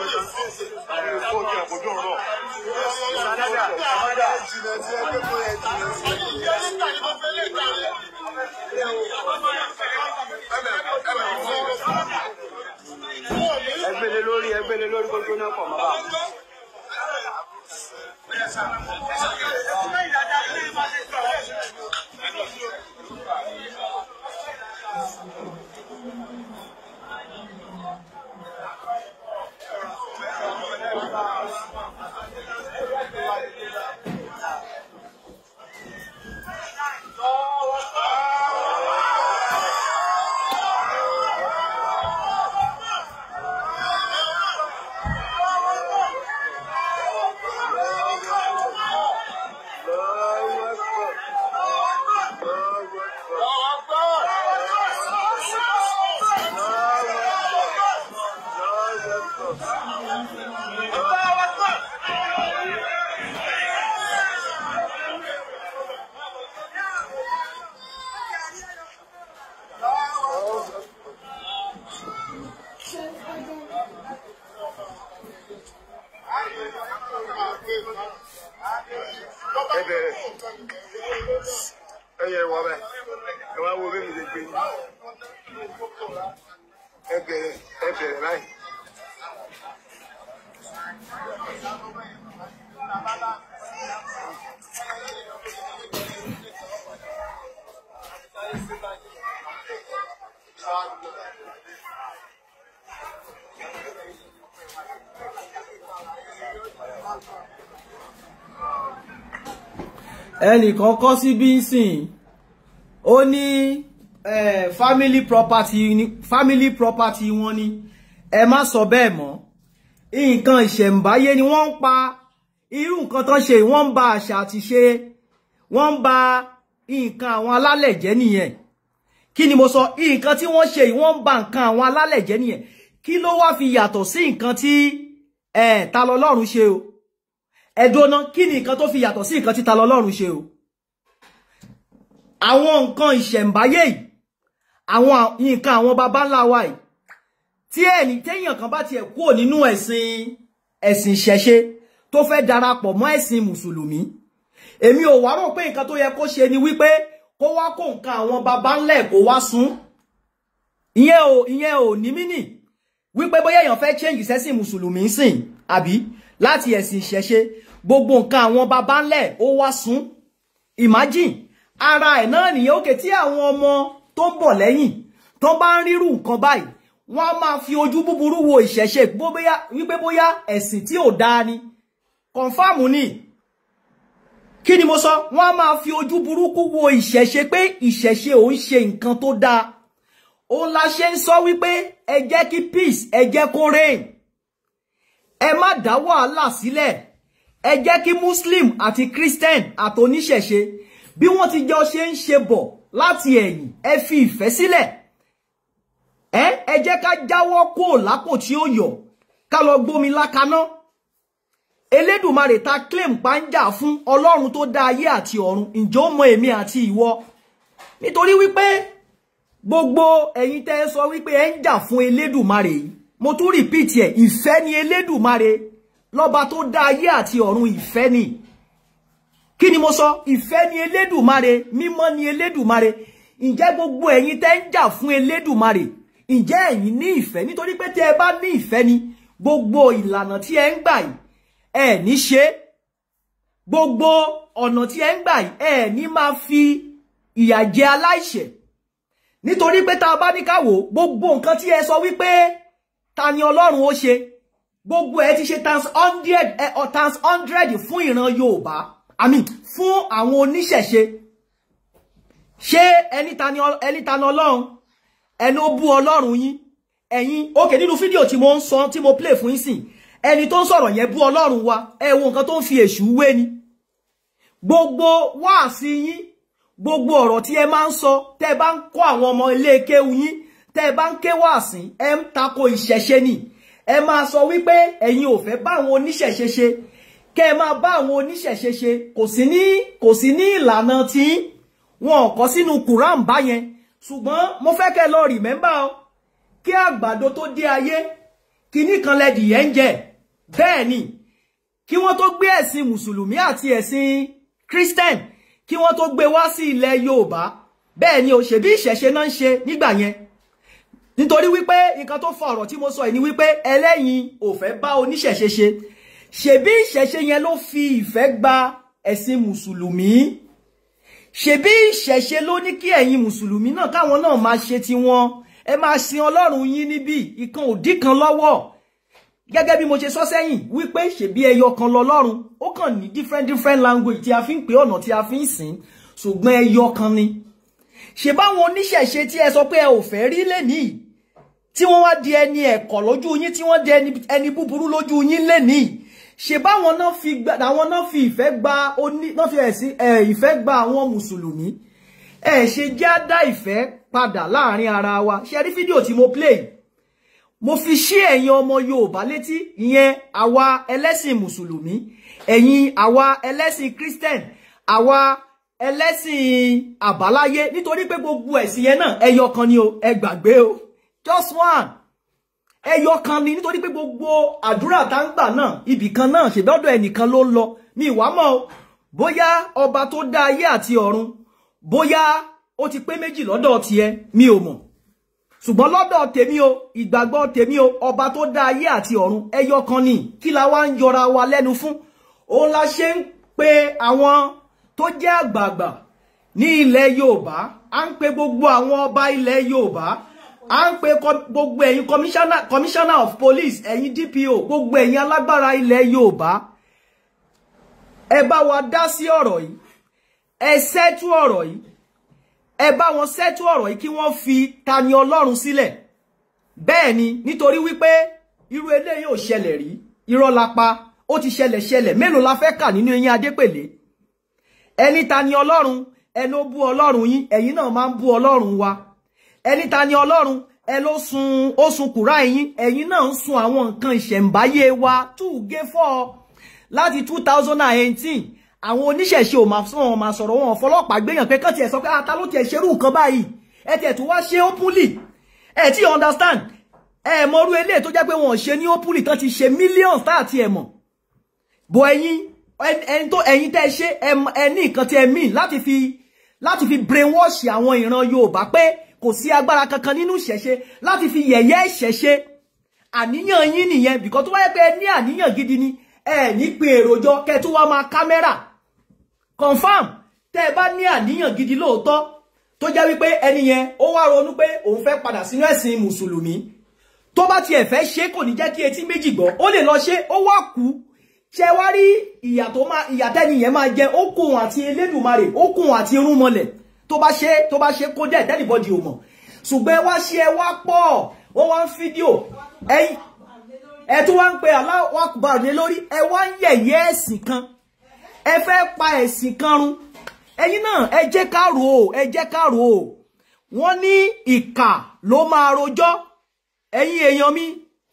ọjọ́ ìṣẹ́ àbójú ọ̀rọ̀ ẹgbẹ́lẹ̀ lórí ẹgbẹ́lẹ̀ lórí gbogbo náà pọ̀ mọ́ bá. Thank you. ẹnìkan kọ́ sí bínsìn ó ní family property family property wọn ni ẹ má sọ bẹ́ẹ̀ mọ́ nǹkan ìṣẹ̀ǹbáyé ni wọ́n ń pa irú nǹkan tó ṣe wọ́n ń ba àṣà àti ṣe wọ́n ń ba nǹkan àwọn alálẹ̀ jẹ́ nìyẹn kí ni mo sọ nǹkan tí wọ́n ṣe wọ́n ń ba nǹkan àwọn alálẹ̀ jẹ́ nìyẹn kí ló wá fi yàtọ̀ sí nǹkan tí ẹ̀ ta lọ́lọ́run ṣe o ẹ̀dọ́nà kí ni nǹkan tó fi yàtọ̀ sí nǹkan títa lọ́lọ́run ṣe o àwọn nǹkan ìṣẹ̀ǹbáyé yìí àwọn nǹkan àwọn baba ńlá wa yìí tí ẹni téèyàn kan bá tiẹ̀ kúrò nínú ẹ̀sìn ẹ̀sìn ìṣẹ̀ṣe tó fẹ́ darapọ̀ mọ́ ẹ̀sìn mùsùlùmí èmi ò wá rò pé nǹkan tó yẹ kó ṣe ni wípé kó wá kó nǹkan àwọn baba ńlá ẹ̀ kó wá sún ìyẹn ò ìyẹn ò ní mí nì wípé bóyá èèyàn fẹ́ change sẹ́sìn mùsùlùmí sìn àbí láti ẹ̀sìn ìṣẹ̀ṣe gbogbo nǹkan àwọn baba ńlẹ̀ ó wá sún imagine ara ẹ̀ náà nìyẹn òkè tí àwọn ọmọ tó ń bọ̀ lẹ́yìn tó bá ń rírù nǹkan báyìí wọ́n á máa fi ojú búburú wo ìṣẹ̀ṣe wípé bóyá ẹ̀sìn tí ò dáa ni confam ni kí ni mo sọ wọ́n á máa fi ojú burúkú wo ìṣẹ̀ṣe pé ìṣẹ̀ṣe ò ń ṣe nǹkan tó dáa òun la ṣe ń sọ wípé ẹ jẹ́ kí peace ẹ jẹ́ kó reign ẹ má dá wàhálà sílẹ̀ ẹ jẹ́ kí muslim àti christian àtòníṣẹ̀ṣe bí wọ́n ti jọ ṣe ń ṣe bọ̀ láti ẹ̀yìn ẹ fi ìfẹ́ sílẹ̀ ẹ ẹ jẹ́ ká jáwọ́ kó lápò tí ó yọ ká lọ gbómi lákaná elédùnmarè ta claim pa ń jà fún ọlọ́run tó dá ayé àti ọ̀run ǹjẹ́ ó mọ èmi àti ìwọ nítorí wípé gbogbo ẹ̀yin tẹ́ ẹ sọ wípé ẹ ń jà fún elédùnmarè yìí mo tún repeat ẹ̀ ìfẹ́ ni elédùmarè lọ́ba tó dá ayé àti ọ̀run ìfẹ́ ni kí ni mo sọ ìfẹ́ ni elédùmarè mímọ́ ni elédùmarè ǹjẹ́ gbogbo ẹ̀yin tẹ́ ń jà fún elédùmarè ǹjẹ́ ẹ̀yin ní ìfẹ́ nítorí pé tí ẹ bá ní ìfẹ́ ni gbogbo ìlànà tí ẹ ń gbà yìí ẹ ní ṣe gbogbo ọ̀nà tí ẹ ń gbà yìí ẹ ní máa fi ìyà jẹ aláìṣẹ̀ nítorí pé tá a bá ní ká wò gbogbo nǹkan tí ẹ sọ wípé ta ni ọlọ́run ó ṣe gbogbo ẹ ti ṣe times hundred times hundred fún ìran yorùbá i mean fun àwọn oníṣẹ̀ṣe ṣé ẹni ta ni ẹni ta ni ọlọ́run ẹni ó bú ọlọ́run yín ẹ̀yin òkè nínú fídíò tí mo ń ti mo play fún yín sìn ẹni tó ń sọ̀rọ̀ yẹn wa ẹ wo nǹkan tó ń fi èṣù wé ni gbogbo wáàsí yín gbogbo ọ̀rọ̀ tí ẹ máa ń sọ tẹ́ bá ń kọ́ àwọn ọmọ ilé tẹ́ ẹ bá ń ké wàásí ẹ ń tako ìṣẹ̀ṣe ni ẹ máa sọ wípé ẹ̀yin ò fẹ́ bá àwọn oníṣẹ̀ṣe ṣe kẹ́ ẹ máa bá àwọn oníṣẹ̀ṣe ṣe kò sí ní kò sí ní ìlànà tí wọn kọ sínú Quran báyẹn ṣùgbọ́n mo fẹ́ kẹ́ lọ rìmẹ́mbà o kí àgbàdo tó dé ayé kíní kan lẹ́dì yẹn ń jẹ ni kí wọ́n tó gbé ẹ̀sìn mùsùlùmí àti ẹ̀sìn Christian kí wọ́n tó gbé wá sí ilẹ̀ Yorùbá bẹ́ẹ̀ ni ò ṣèbí ìṣẹ̀ṣe náà ń ṣe nígbà yẹn nítorí wípé nǹkan tó fa ọ̀rọ̀ tí mo sọ ẹ̀ ni wípé ẹlẹ́yin ò fẹ́ bá oníṣẹ̀ṣe ṣe ṣebí ìṣẹ̀ṣe yẹn ló fi ìfẹ́ gba ẹ̀sìn mùsùlùmí ṣebí ìṣẹ̀ṣe ló ní kí ẹ̀yin mùsùlùmí náà káwọn náà máa ṣe tiwọn ẹ máa sin ọlọ́run yín níbí ìkan òdí kan lọ́wọ́ gẹ́gẹ́ bí mo ṣe sọ sẹ́yìn wípé ṣebí ẹyọ kan lọ́lọ́run ó kàn ní different different language tí a fi ń pè ọ̀nà tí a fi ń sìn ṣùgbọ́n ẹyọ kan ni ṣe báwọn oníṣẹ̀ṣe tí ẹ sọ pé ẹ ò fẹ́ rí lénìí tí wọ́n wá di ẹni ẹ̀kọ́ lójú yín tí wọ́n di ẹni búburú lójú yín lénìí ṣe báwọn náà fi àwọn náà fi ìfẹ́ gba oní náà fi ẹ̀sìn ìfẹ́ gba àwọn mùsùlùmí ẹ̀ ṣe jẹ́ á dá padà láàrin ara wa ṣe rí fídíò tí mo play mo fi ṣí ẹ̀yin ọmọ Yorùbá létí ìyẹn àwa ẹlẹ́sìn mùsùlùmí ẹ̀yin àwa ẹlẹ́sìn Christian àwa ẹlẹ́sìn àbáláyé nítorí pé gbogbo ẹ̀sìn yẹn náà ẹyọ kan ni o ẹ gbàgbé o just one ẹyọ kan ni nítorí pé gbogbo àdúrà tá ń gbà náà ibì kan náà ṣèdọ́dọ̀ ẹnìkan ló ń lọ mi ìwà mọ́ o bóyá ọba tó dá ayé àti ọ̀run bóyá ó ti pé méjì lọ́dọ̀ tiẹ̀ mi ò mọ̀ ṣùgbọ́n lọ́dọ̀ tèmi o ìgbàgbọ́ tèmi o ọba tó dá ayé àti ọ̀run ẹyọ kan ni kí la wá ń yọra wa lẹ́nu fún òun la ṣe ń pe àwọn tó jẹ́ àgbààgbà ní ilẹ̀ Yorùbá à ń pe gbogbo àwọn ọba ilẹ̀ Yorùbá à ń pe gbogbo ẹ̀yin commissioner commissioner of police ẹ̀yin DPO gbogbo ẹ̀yin alágbára ilẹ̀ Yorùbá ẹ bá wa dá sí ọ̀rọ̀ yìí ẹ sẹ́tú ọ̀rọ̀ yìí ẹ bá wọn sẹ́tú ọ̀rọ̀ yìí kí wọ́n fi Tani Ọlọ́run sílẹ̀ bẹ́ẹ̀ ni nítorí wípé irú eléyìí ò ṣẹlẹ̀ rí irọ́ la pa ó ti ṣẹlẹ̀ ṣẹlẹ̀ mélòó la fẹ́ kà nínú eyín Adépèlé ẹni Tani Ọlọ́run ẹni ó bú Ọlọ́run yín ẹ̀yin náà máa ń bú Ọlọ́run wa ẹni ta ni ọlọ́run ẹ ló sun ó sun kùrá ẹ̀yin ẹ̀yin náà ń sun àwọn nǹkan ìṣẹ̀ǹbáyé wa tù gé fọ́ ọ láti two thousand and eighteen àwọn oníṣẹ̀ṣe ò máa sọ wọn máa sọ̀rọ̀ wọn fọlọ́pàá gbéyàn pé kán tiẹ̀ sọ pé ata ah, ló tiẹ̀ ṣerú nǹkan báyìí ẹ tiẹ̀ tó wá ṣe openly ẹ ti understand ẹ mọrú eléyìí tó jẹ́ pé wọn ò ṣe ní openly tán ti ṣe millions tá àti ẹ̀ mọ̀ bọ̀ ẹ̀yin ẹni tó ẹ̀yin tẹ́ ṣe ẹ ní nǹkan tí ẹ mean láti fi láti fi brainwash àwọn ìran Yorùbá pé kò sí agbára kankan nínú ìṣẹ̀ṣe láti fi yẹ̀yẹ́ ìṣẹ̀ṣe àníyàn yín nìyẹn bìkọ́ tó wáyé pé ẹ ní àníyàn gidi ni ẹ ní pe èròjọ kẹ tó wá máa kámẹ́rà confam tẹ́ ẹ bá ní àníyàn gidi lóòótọ́ tó jẹ́ wípé ẹni yẹn ó wá ronú pé òun fẹ́ padà sínú ẹ̀sìn mùsùlùmí tó bá tiẹ̀ fẹ́ ṣe kò ní jẹ́ kí etí méjì gbọ́ ó lè lọ ṣe ó wá kú ṣe wá rí ìyà tó máa ìyà tẹ́ni yẹn máa jẹ ó àti Elédùmarè ó àti irúnmọlẹ̀ tó bá ṣe tó bá ṣe kó dẹ̀ tẹ́lifọ́dì ò mọ̀ ṣùgbọ́n ẹ wá ṣe ẹ wá pọ̀ ó wá ń fídíò ẹ̀yìn ẹ tún wá ń pe Allahu Akbar lé lórí ẹ wá ń yẹ̀yẹ́ ẹ̀sìn kan ẹ fẹ́ pa ẹ̀sìn kan run ẹ̀yin náà ẹ jẹ́ ká rò ó ẹ jẹ́ ká rò ó wọ́n ní ìkà ló máa rojọ́ ẹ̀yin èèyàn mi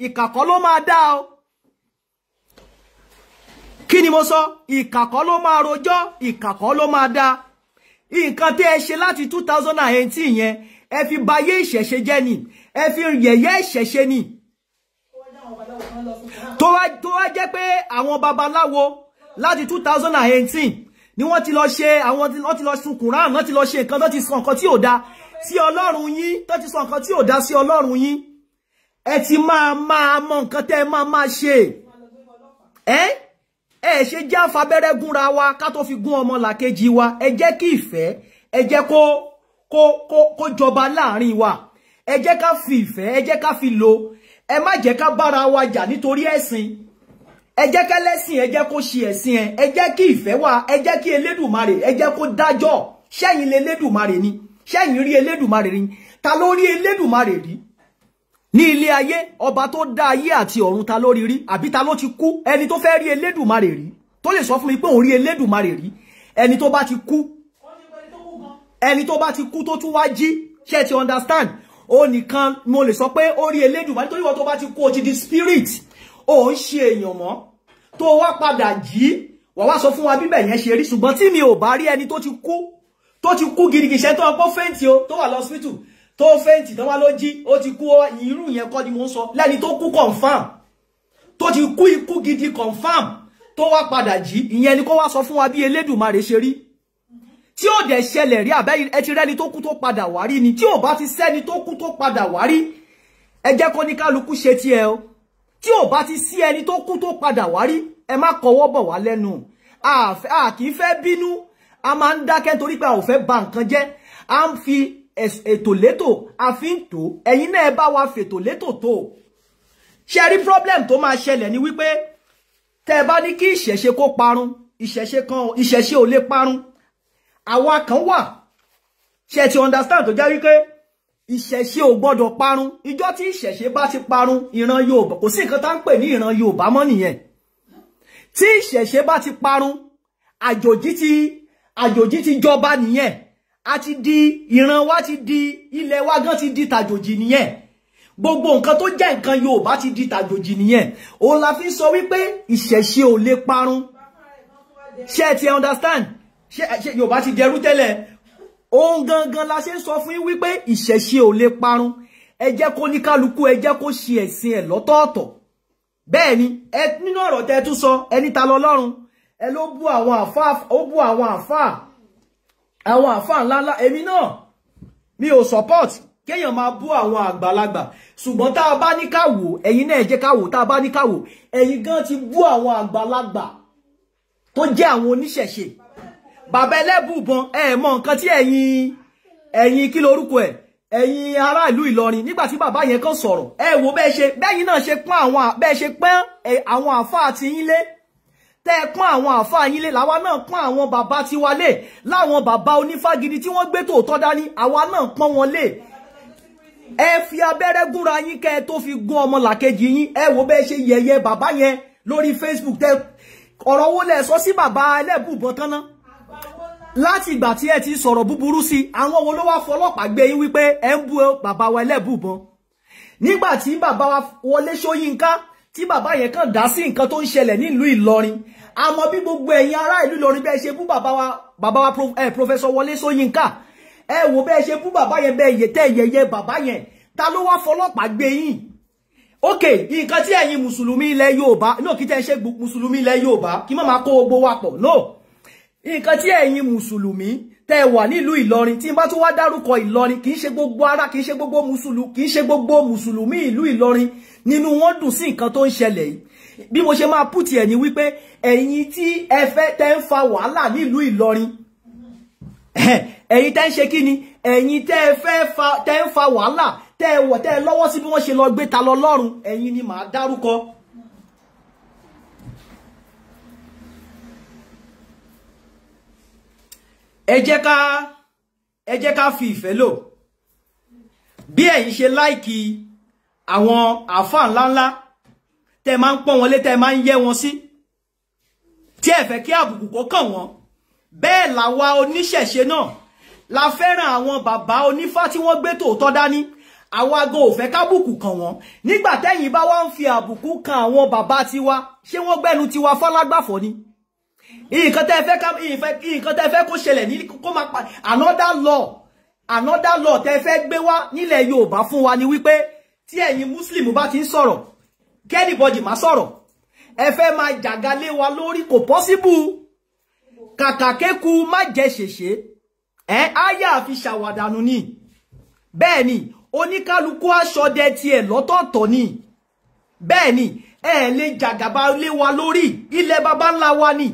ìkà kọ́ ló máa dá o kí ni mo sọ ìkà kọ́ ló máa rojọ́ ìkà kọ́ ló máa dá o nǹkan tẹ́ ẹ ṣe láti two thousand and eighteen yẹn ẹ fi bayé ìṣẹ̀ṣe jẹ́ ni ẹ fi yẹ̀yẹ́ ìṣẹ̀ṣe ni tó wá jẹ́ pé àwọn babaláwo láti two thousand and eighteen ni wọ́n ti lọ ṣe àwọn wọ́n ti lọ sun Quran wọ́n ti lọ ṣe nǹkan tó ti sọ nǹkan tí ò da sí Ọlọ́run yín tó ti sọ nǹkan tí ò da sí Ọlọ́run yín ẹ ti máa máa mọ nǹkan tẹ́ ẹ máa máa ṣe ẹ́. Eh? ẹ ṣe jẹ́ àfabẹ́rẹ́ gúnra wa ká tó fi gún ọmọ làkejì wa ẹ jẹ́ kí ìfẹ́ ẹ jẹ́ kó kó kó kó jọba láàrin wa ẹ jẹ́ ká fi ìfẹ́ ẹ jẹ́ ká fi lo ẹ má jẹ́ ká bára wa jà nítorí ẹ̀sìn ẹ jẹ́ ká lẹ́sìn ẹ jẹ́ kó ṣe ẹ̀sìn ẹ ẹ jẹ́ kí ìfẹ́ wà ẹ jẹ́ kí elédùmarè ẹ jẹ́ kó dájọ́ ṣẹ́yìn lé elédùmarè ni ṣẹ́yìn rí elédùmarè ni ta ló rí elédùmarè rí ní ilé ayé ọba tó dá ayé àti ọ̀run ta lórí rí àbí ta ló ti kú ẹni tó fẹ́ rí elédùmarè rí tó lè sọ fún mi pé òun rí elédùmarè rí ẹni tó bá ti kú ẹni tó bá ti kú tó tún wá jí ṣe ti understand ó nìkan mo lè sọ pé ó rí elédùmarè nítorí wọn tó bá ti kú ó ti di spirit ó ń ṣe èèyàn mọ́ tó wá padà jí wà wá sọ fún wa bíbẹ̀ yẹn ṣe rí ṣùgbọ́n tí mi ò bá rí ẹni tó ti kú tó ti kú gidigidi ṣe tó ọgbọ́n fẹ́ǹtì o tó wà lọ́sítù tó fẹ́ǹtì tán wá ló jí ó ti kú irú yẹn kọ́ ni mo ń sọ lẹ́ni tó kú confam tó ti kú ikú gidi confam tó wá padà jí ìyẹn ni kó wá sọ fún wa bí Elédùmarè ṣe rí tí ó dẹ̀ ṣẹlẹ̀ rí àbẹ́ ẹ ti rẹ́ni tó kú tó padà wá rí ni tí ò bá ti sẹ́ni tó kú tó padà wá rí ẹ jẹ́ kó ní kálukú ṣe tiẹ̀ o tí ò bá ti sí ẹni tó kú tó padà wá rí ẹ má kọwọ́ bọ̀ wá lẹ́nu a kì í fẹ́ bínú a máa ń dákẹ́ torí pé a ò fẹ́ ba nǹkan jẹ́ a ń fi ètò létò a fi ń tò ẹ̀yin náà bá wa fètò létò tó ṣe rí problem tó máa ṣẹlẹ̀ ni wípé tẹ́ ẹ bá ní kí ìṣẹ̀ṣe kó parun ìṣẹ̀ṣe kan ìṣẹ̀ṣe ò lè parun àwa kan wà ṣe ti understand tó jẹ́ wípé ìṣẹ̀ṣe ò gbọ́dọ̀ parun ìjọ tí ìṣẹ̀ṣe bá ti parun ìran Yorùbá kò sí nǹkan tá ń pè ní ìran Yorùbá mọ́ nìyẹn tí ìṣẹ̀ṣe bá ti parun àjòjì ti àjòjì ti jọba nìyẹn a ti di ìran wa ti di ilẹ̀ wa gan ti di tàjòjì nìyẹn gbogbo nǹkan tó jẹ́ nǹkan Yorùbá ti di tàjòjì nìyẹn òun la fi sọ wípé ìṣẹ̀ṣe ò lè parun ṣé ti understand ṣé Yorùbá ti dẹrú tẹ́lẹ̀ òun gangan la ṣe ń sọ fún yín wípé ìṣẹ̀ṣe ò lè parun ẹ jẹ́ kó ní kálukú ẹ jẹ́ kó ṣe ẹ̀sìn ẹ̀ lọ́tọ̀ọ̀tọ̀ bẹ́ẹ̀ ni nínú ọ̀rọ̀ tẹ́ tún sọ ẹni ta lọ lọ́run ẹ ló bú àwọn àfáà ó bú àwọn àfáà àwọn àfáà ńláńlá èmi náà mi ò support kéèyàn máa bú àwọn àgbàlagbà ṣùgbọ́n tá a bá ní káwò ẹ̀yin náà jẹ́ káwò tá a bá ní káwò ẹ̀yin gan ti bú àwọn àgbàlagbà tó jẹ́ àwọn oníṣẹ̀ṣe bàbá ẹlẹ́bùbọn ẹ mọ nǹkan tí ẹ̀yin ẹ̀yin kí lorúkọ ẹ̀ ẹ̀yin aráàlú Ìlọrin nígbà tí bàbá yẹn kan sọ̀rọ̀ ẹ wo bẹ́ẹ̀ ṣe bẹ́yìn náà ṣe pọ́n àwọn bẹ́ẹ̀ àti yín lé tẹ́ ẹ pọ́n àwọn àáfàá yín lé làwa náà pọ́n àwọn bàbá tiwa lé láwọn bàbá onífàgidi tí wọ́n gbé tòótọ́ dání àwa náà pọ́n wọn lé ẹ fi abẹ́rẹ́ gúnra yín kẹ́ ẹ tó fi gún ọmọ làkejì yín ẹ wo bẹ́ẹ̀ ṣe yẹ̀yẹ́ bàbá yẹn lórí Facebook tẹ ọ̀rọ̀ wo lẹ̀ sọ sí bàbá ẹlẹ́bùbọn tán náà láti ìgbà tí ẹ ti sọ̀rọ̀ búburú sí àwọn wo ló wá fọlọ́pàá gbé yín wípé ẹ ń bú bàbá wa ẹlẹ́bùbọn nígbà tí bàbá wa Wọlé Ṣóyínká tí bàbá yẹn kàn dá sí nǹkan tó ń ṣẹlẹ̀ nílùú Ìlọrin àmọ́ bí gbogbo ẹ̀yin ará ìlú Ìlọrin bẹ́ẹ̀ ṣe bú bàbá wa bàbá wa eh, Professor Wọlé Ṣóyínká eh wò bẹ́ẹ̀ ṣe bú bàbá yẹn bẹ́ẹ̀ yẹ tẹ́ yẹyẹ bàbá yẹn ta ló wá fọlọ́pàá gbé yín ok nǹkan tí ẹ̀yin mùsùlùmí ilẹ̀ Yorùbá no kí tẹ́ ṣe mùsùlùmí ilẹ̀ Yorùbá kí má máa kó gbogbo wa pọ̀ no nǹkan tí ẹ̀yin mùsùlùmí tẹ́ wà nílùú Ìlọrin tí n bá tún wá dárúkọ Ìlọrin kì í ṣe gbogbo ara kì í gbogbo mùsùlùmí kì í gbogbo mùsùlùmí ìlú Ìlọrin nínú wọn dùn sí nǹkan tó ń bi yìí bí mo ṣe máa pùtì ẹ̀ ní wípé ẹ̀yin tí ẹ fẹ́ tẹ́ fa wàhálà nílùú Ìlọrin ẹ̀yin tẹ́ ń ṣe kí ni ẹ̀yin tẹ́ ẹ fa wàhálà tẹ́ ẹ wọ̀ tẹ́ ẹ lọ́wọ́ sí bí wọ́n ṣe ta lọ lọ́rùn ẹ̀yin ni ma daruko ẹ jẹ́ ká ẹ fi ìfẹ́ lò bí ẹ̀yin ṣe láìkì àwọn àfáà ńláńlá tẹ́ máa ń pọ́n wọn lé tẹ́ máa ń yẹ́ wọn sí tí ẹ fẹ́ kí àbùkù kó kàn wọ́n bẹ́ẹ̀ làwa oníṣẹ̀ṣe náà la fẹ́ràn àwọn bàbá onífá tí wọ́n gbé tòótọ́ dání àwa ago ò fẹ́ kábùkù kàn wọ́n nígbà tẹ́yìn bá wá ń fi àbùkù kan àwọn bàbá tiwa ṣé wọ́n gbẹ́nu tiwa fọ́lágbàfọ́ ni nǹkan tẹ́ fẹ́ nǹkan tẹ́ fẹ́ kó ṣẹlẹ̀ ní kó máa pa another law another law tẹ́ fẹ́ gbé wá nílẹ̀ Yorùbá fún wa ni wípé tí ẹ̀yin muslim bá ti ń sọ̀rọ̀ kẹ́nìbọ̀dì má sọ̀rọ̀ ẹ fẹ́ máa jàgalé wa lórí kò pọ́síbù kàkàkéku má jẹ ṣèṣe ẹ áyà àfi ṣàwàdànù ni bẹ́ẹ̀ ni oníkálukú aṣọdẹ tiẹ̀ lọ́tọ̀ọ̀tọ̀ ni bẹ́ẹ̀ ni ẹ lè jàgàbá lé wa lórí ilẹ̀ baba ńlá wa ni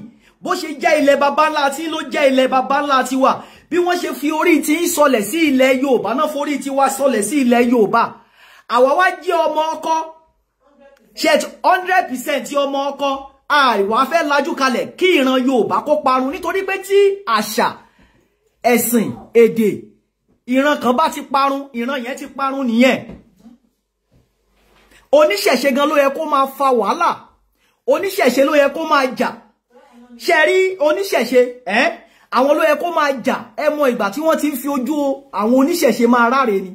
bó ṣe jẹ́ ilẹ̀ baba ńlá tí ló jẹ́ ilẹ̀ baba ńlá tiwa bí wọ́n ṣe fi orí ti ń sọlẹ̀ sí ilẹ̀ yorùbá náà forí tiwa sọlẹ̀ sí ilẹ̀ yorùbá àwa wá jẹ́ ọmọ ọkọ ṣe hundred percent ọmọ ọkọ àìwá fẹ́ lajú kalẹ̀ kí ìran Yorùbá kó parun nítorí pé tí àṣà ẹ̀sìn èdè ìran kan bá ti parun ìran yẹn ti parun nìyẹn oníṣẹ̀ṣe gan ló yẹ kó máa fa wàhálà oníṣẹ̀ṣe ló yẹ kó máa jà ṣe rí oníṣẹ̀ṣe ẹ́ àwọn ló yẹ kó máa jà ẹ mọ ìgbà tí wọ́n ti ń fi ojú àwọn oníṣẹ̀ṣe máa ráre ni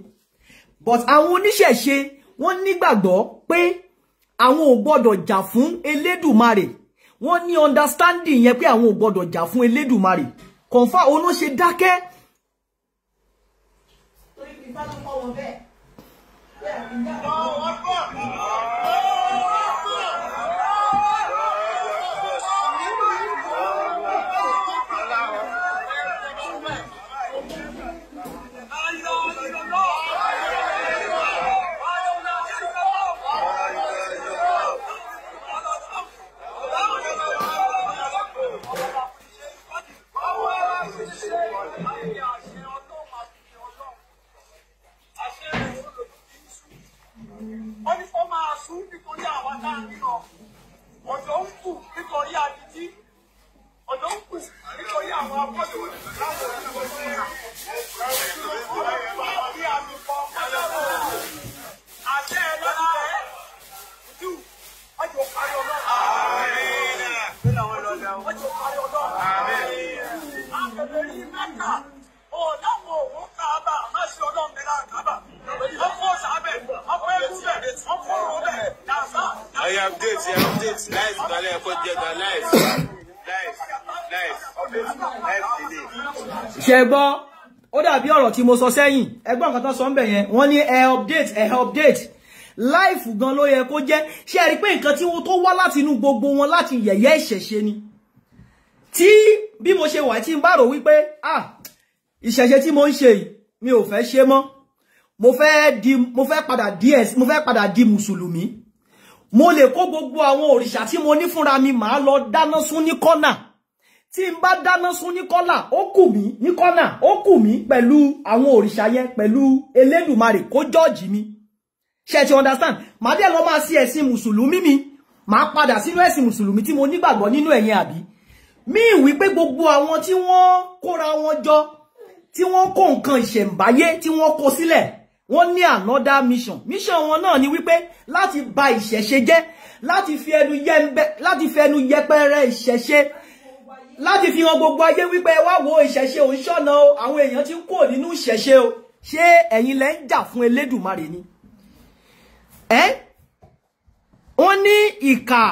but àwọn oníṣẹ̀ṣe wọ́n nígbàgbọ́ pé àwọn ò gbọ́dọ̀ jà fún elédùmarè wọ́n ní understanding yẹn pé àwọn ò gbọ́dọ̀ jà fún elédùmarè kọ̀ǹfà oná ṣe dákẹ́. torí ìfẹ́ ló kọ́ wọn bẹ́ẹ̀. ọ̀dọ́ ń kù nítorí adití ọ̀dọ́ ń kù nítorí àwọn abọ́dọ̀ láwọn ọ̀dọ́ ń kù. ọyọ update yẹ update life balẹ̀ ẹ̀kọ́ jẹ̀gà life life life life delay. ṣe gbọ́ ó dàbí ọ̀rọ̀ tí mo sọ sẹ́yìn ẹgbọ́n nǹkan tó sọ ń bẹ̀ yẹn wọ́n ní ẹ update ẹ update life gan ló yẹ kó jẹ́ ṣé ẹ rí pé nǹkan tí wọ́n tó wá láti inú gbogbo wọn láti yẹ̀yẹ́ ìṣẹ̀ṣe ni tí bí mo ṣe wà tí n bá rò wípé ah ìṣẹ̀ṣe tí mo ń ṣe yìí mi ò fẹ́ ṣe mọ́ mo fẹ́ di mo fẹ́ padà di mo fẹ́ padà di mùsùlùmí mo lè kó gbogbo àwọn òrìṣà tí mo ní fúnra mi màá lọ dáná sún ní kọ́nà tí n bá dáná sún ní kọ́nà ó kù mí ní kọ́nà ó kù mí pẹ̀lú àwọn òrìṣà yẹn pẹ̀lú elédùmarè kó jọ́ọ̀jì mi ṣe ti understand màá dẹ̀ lọ máa sí ẹ̀sìn mùsùlùmí mi màá padà sínú ẹ̀sìn mùsùlùmí tí mo nígbàgbọ́ nínú ẹ̀yìn àbí mí ìwí pé gbogbo won tí wọ́n kóra wọn jọ tí wọ́n kó nǹkan ìṣẹ̀ǹbáyé tí wọ́n kó sílẹ̀ wọ́n ní another mission mission wọn náà ni wípé láti ba ìṣẹ̀ṣe jẹ́ láti fi ẹnu yẹnbẹ láti fi ẹnu yẹpẹrẹ ìṣẹ̀ṣe láti fi hàn gbogbo ayé wípé ẹ wá wo ìṣẹ̀ṣe ò ń ṣọ̀nà o àwọn èèyàn ti ń kúrò nínú ìṣẹ̀ṣe o ṣé ẹ̀yin lẹ́ ń jà fún Elédùmarè ni ẹ́ wọ́n ní ìkà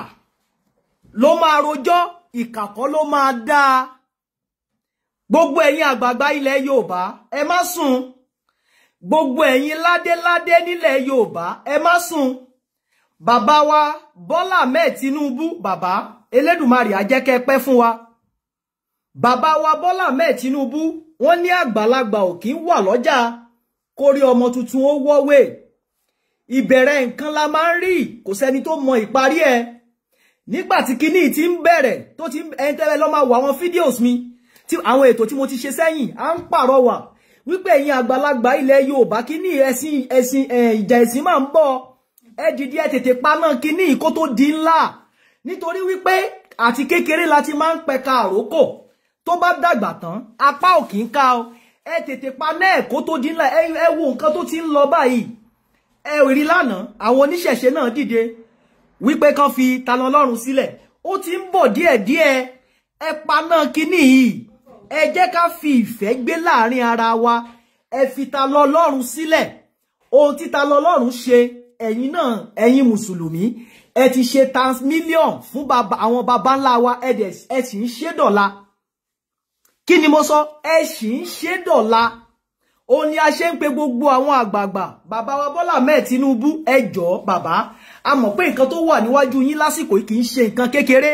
ló máa rojọ́ ìkà kọ́ ló máa dáa gbogbo ẹ̀yin àgbààgbà ilẹ̀ Yorùbá ẹ má sùn gbogbo ẹ̀yin ládéládé nílẹ̀ Yorùbá ẹ má sùn bàbá wa Bọ́lá Ahmed Tinubu bàbá Elédùmarè á jẹ́ kẹ́ pẹ́ fún wa bàbá wa Bọ́lá Ahmed Tinubu wọ́n ní àgbàlagbà ò kí ń wà lọ́jà kórí ọmọ tuntun ó wọ́wé ìbẹ̀rẹ̀ nǹkan la máa ń rí kò sẹ́ni tó mọ ìparí ẹ̀ nígbà tí kinní ti ń bẹ̀rẹ̀ tó ti ń ẹni tẹ́lẹ̀ lọ́ máa wọ àwọn fídíòs mi àwọn ètò tí mo ti ṣe sẹ́yìn à ń pàrọwà wípé ẹ̀yin àgbàlagbà ilẹ̀ Yorùbá kíní ẹ̀sìn ẹ̀sìn ìjà ẹ̀sìn máa ń bọ̀ ẹ dìde ẹ tètè paná kíní kó tó di ńlá nítorí wípé àti kékeré la ti máa ń pẹ̀ka àrókò tó bá dàgbà tán apá ò kì í ká o ẹ tètè paná ẹ kó tó di ńlá ẹ wo nǹkan tó ti ń lọ báyìí ẹ rí lánàá àwọn oníṣẹ̀ṣe náà dìde wípé kán fi Tani Olohun sílẹ̀ ó ti ń bọ̀ díẹ̀díẹ̀ ẹ paná kíní yìí ẹ jẹ́ ká fi ìfẹ́ gbé láàrin ara wa ẹ fi ta lọ́lọ́run sílẹ̀ ohun títa lọ́lọ́run ṣe ẹ̀yin náà ẹ̀yin mùsùlùmí ẹ ti ṣe transmillion fún àwọn baba ńlá wa ẹ sì ń ṣe dọ̀la kí ni mo sọ ẹ sì ń ṣe dọ̀la ó ní a ṣe ń pe gbogbo àwọn àgbààgbà bàbá wa Bọ́lá mẹ́ẹ̀ Tinubu ẹjọ́ bàbá a mọ̀ pé nǹkan tó wà níwájú yín lásìkò kì í ṣe nǹkan kékeré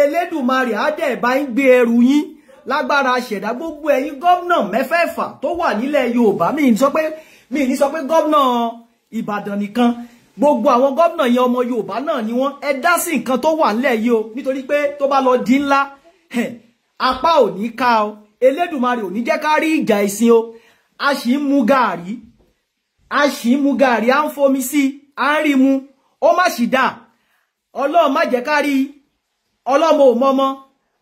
Elédùmarè á dẹ̀ bá ń gbé ẹrù yín lágbára àṣẹ̀dá gbogbo ẹ̀yin gómìnà mẹ́fẹ̀ẹ̀fà tó wà nílẹ̀ Yorùbá mi ní sọ pé mi ní sọ pé gómìnà Ìbàdàn nìkan gbogbo àwọn gómìnà yẹn ọmọ Yorùbá náà ni wọ́n ẹ dá sí nǹkan tó wà nílẹ̀ yìí o nítorí pé tó bá lọ di ńlá apá ò ní ká o Elédùmarè ò ní jẹ́ ká rí ìjà ìsìn o a sì ń mu gààrí a sì ń mu gààrí à ń fomi sí i à ń rí mu ó má sì dáa ọlọ́run má jẹ́ ká rí ọlọ́mọ ò mọ́mọ́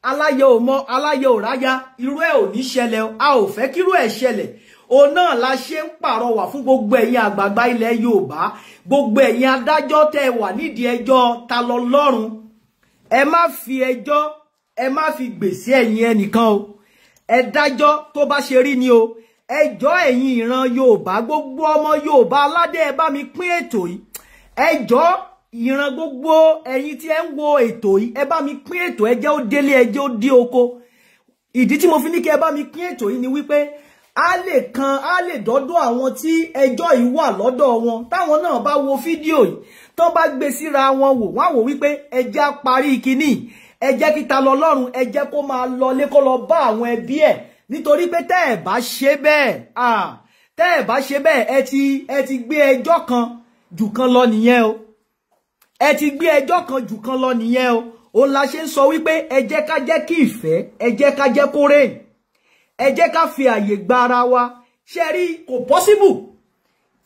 aláyẹ ò mọ aláyẹ ò ráyá irú ẹ̀ ò ní ṣẹlẹ̀ a ò fẹ́ kírú ẹ̀ ṣẹlẹ̀ òun náà la ṣe ń pàrọwà fún gbogbo ẹ̀yin àgbààgbà ilẹ̀ Yorùbá gbogbo ẹ̀yin adájọ́ tẹ́ wà nídìí ẹjọ́ ta lọ lọ́rùn ẹ má fi ẹjọ́ ẹ má fi gbèsè ẹ̀yin ẹnìkan o ẹ dájọ́ tó bá ṣe rí ni o ẹjọ́ ẹ̀yin ìran Yorùbá gbogbo ọmọ Yorùbá aládé ẹ bá mi pín ètò yìí ẹjọ́ ìran gbogbo ẹ̀yin tí ẹ ń wo ètò yìí ẹ bá mi pín ètò ẹ jẹ́ ó délé ẹ ó dé oko ìdí tí mo fi ní kí ẹ bá mi pín ètò yìí ni wípé a lè kan a lè dọ́dọ̀ àwọn tí ẹjọ́ yìí wà lọ́dọ̀ wọn táwọn náà bá wo fídíò yìí tó bá gbé síra wọn wò wọ́n á wò wípé ẹ jẹ́ á parí kinní ẹ jẹ́ kí ta lọ lọ́rùn ẹ jẹ́ kó máa lọlé kó lọ bá àwọn ẹbí ẹ̀ nítorí pé tẹ́ ẹ̀ bá ṣe bẹ́ẹ̀ tẹ́ ẹ̀ bá ṣe bẹ́ẹ̀ ẹ ti ẹ ti gbé ẹjọ́ kan jù kan lọ nìyẹn o ẹ ti gbé ejo kan jù kan lọ nìyẹn o òun la ṣe ń sọ wípé ẹ jẹ́ je jẹ́ kí ìfẹ́ ẹ jẹ́ ká jẹ́ kó rèé ẹ jẹ́ fi àyè gba ara wa ṣe rí kò possible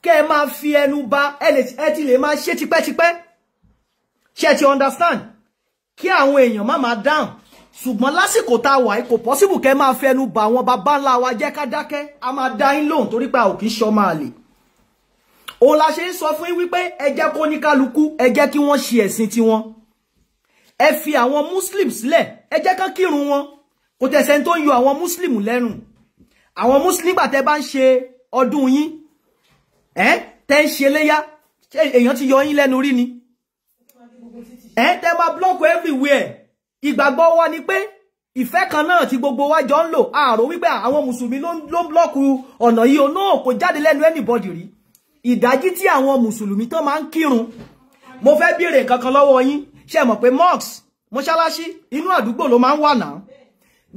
ke ma máa fi ẹnu ba ẹ ti lè máa ṣe tipẹ́tipẹ́ ṣe ti understand kí àwọn èèyàn má máa dáhùn ṣùgbọ́n lásìkò tá a wà kò possible ke ma máa fi ẹnu ba àwọn baba ńlá wa jẹ́ ká dákẹ́ a máa dá yín lóhùn torí pé a ò kì í ṣọ́ òun la ṣe ń sọ fún yín wípé ẹ jẹ́ kó ní kálukú ẹ jẹ́ kí wọ́n ṣe ẹ̀sìn tiwọn ẹ fi àwọn muslim sílẹ̀ ẹ jẹ́ kán kírun wọn kò tẹ̀sẹ̀ tó ń yọ àwọn muslim lẹ́nu àwọn muslim gbà tẹ́ bá ń ṣe ọdún yín ẹ tẹ́ ń ṣe léyá èèyàn ti yọ yín lẹ́nu rí ni ẹ tẹ́ ma block everywhere ìgbàgbọ́ wa ni pé ìfẹ́ kan náà tí gbogbo wa jọ ń lò ààrò wípé àwọn mùsùlùmí ló ń blọ́ọ̀kù ọ̀nà yìí o náà kò jáde lẹ́nu anybody rí ìdájí tí àwọn mùsùlùmí tán máa ń kírun mo fẹ́ béèrè kankan lọ́wọ́ yín ṣe mọ̀ pé mosque mọ́ṣáláṣí inú àdúgbò ló máa ń wà náà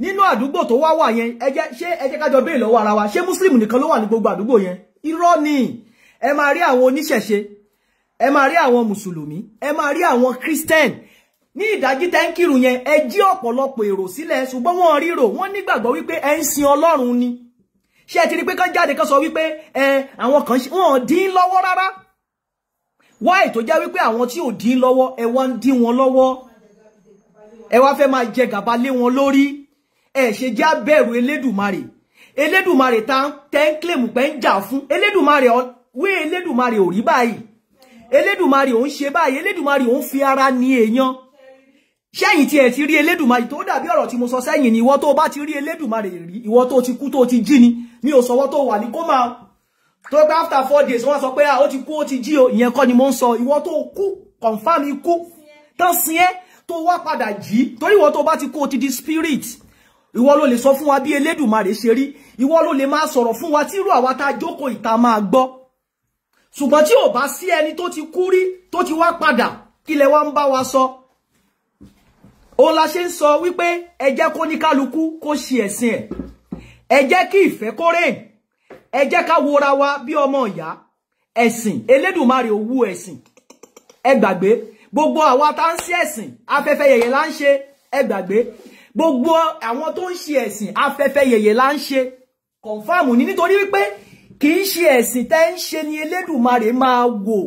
nínú àdúgbò tó wá wà yẹn ẹ jẹ́ ṣé ẹ jẹ́ kájọ béèrè lọ́wọ́ ara wa ṣé muslim nìkan ló wà ní gbogbo àdúgbò yẹn irọ́ ni ẹ máa rí àwọn oníṣẹ̀ṣe ẹ máa rí àwọn mùsùlùmí ẹ máa rí àwọn christian ní ìdájí tẹ́ńkìrù yẹn ẹ jí ọ̀pọ̀lọpọ̀ èrò sílẹ̀ ṣùgbọ́n wọ́n ríro wọ́n nígbàgbọ́ wípé ẹ ń sin ọlọ́run ni ṣé ẹ ti rí pé kán jáde kán sọ wípé ẹ àwọn kan wọn dín lọ́wọ́ rárá wáì tó jẹ́ wípé àwọn tí ò dín lọ́wọ́ ẹ wá ń dín wọn lọ́wọ́ ẹ wá fẹ́ máa jẹ gàba lé wọn lórí ẹ ṣe jẹ́ abẹ́rù elédùmarè elédùmarè tá tẹ́ ń kílèmù pé ń jà fún elédùmarè wé elédùmarè ò rí báyìí elédùmarè ò ń ṣe báyìí elédùmarè ò ń fi ara ní èèyàn ṣẹ́yìn tí ẹ ti rí elédùmarè tó dàbí ọ̀rọ̀ tí mo sọ sẹ́yìn ni ìwọ tó bá ti rí elédùmarè rí ìwọ tó ti kú tó ti jí ni mi ò to tó wà ní kómà tó pé after four days wọ́n sọ pé ah, ó ti kú ó ti jí o ìyẹn kọ́ ni mo ń sọ ìwọ tó kú confam ikú tán sí ẹ́ tó wá padà jí torí ìwọ tó bá ti kú ó ti di spirit ìwọ ló lè sọ fún wa bí Elédùmarè ṣe rí ìwọ ló lè máa sọ̀rọ̀ fún wa tírú àwa tá a jókòó ìta máa gbọ́ ṣùgbọ́n tí ò bá sí ẹni tó ti kú rí tó ti wá padà kílẹ̀ wa ń bá wa sọ ó la ṣe ń sọ wípé ẹ jẹ́ kó ní kálukú kó ṣe ẹ̀sìn ẹ̀ ẹ jẹ́ kí ìfẹ́ kórè ẹ ká wora wa bí ọmọ ìyá ẹ̀sìn elédùnmarè owó ẹ̀sìn ẹ gbàgbé gbogbo àwa tá ń ṣe ẹ̀sìn afẹ́fẹ́ yẹ̀yẹ̀ là ń ṣe ẹ gbàgbé gbogbo àwọn tó ń ṣe ẹ̀sìn afẹ́fẹ́ yẹ̀yẹ̀ là ń ṣe kọ̀ǹfàmù ni nítorí wípé kì í ṣe ẹ̀sìn tẹ́ ń ṣe ni elédùnmarè máa wò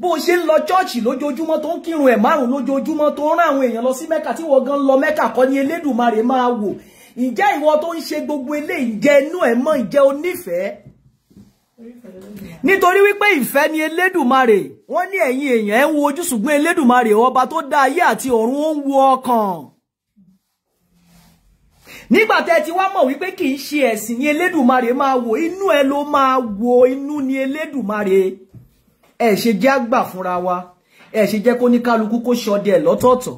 bó ṣe ń lọ chọ́ọ̀chì lójoojúmọ́ tó ń kírun ẹ̀ márùn lójoojúmọ́ tó ń rán àwọn èèyàn lọ sí mẹ́kà tí wọ́n gan lọ mẹ́kà kọ́ ni elédùnmarè máa wò ǹjẹ́ ìwọ tó ń ṣe gbogbo eléyìí ǹjẹ́ inú ẹ̀ mọ́ ǹjẹ́ onífẹ̀ẹ́ nítorí wípé ìfẹ́ ni elédùmarè wọ́n ní ẹ̀yin èèyàn ẹ̀ ń wo ojú ṣùgbọ́n elédùmarè ọba tó dá ayé àti ọ̀run ó ń wo ọkàn nígbà tẹ́ ti wá mọ̀ wípé kì í ṣe ẹ̀sìn ni elédùmarè máa wò inú ẹ ló máa wò inú ni elédùmarè ẹ ṣe jẹ́ àgbà fúnra wa ẹ ṣe jẹ́ kó ní kálukú kó ṣọdẹ lọ́tọ̀ọ̀tọ̀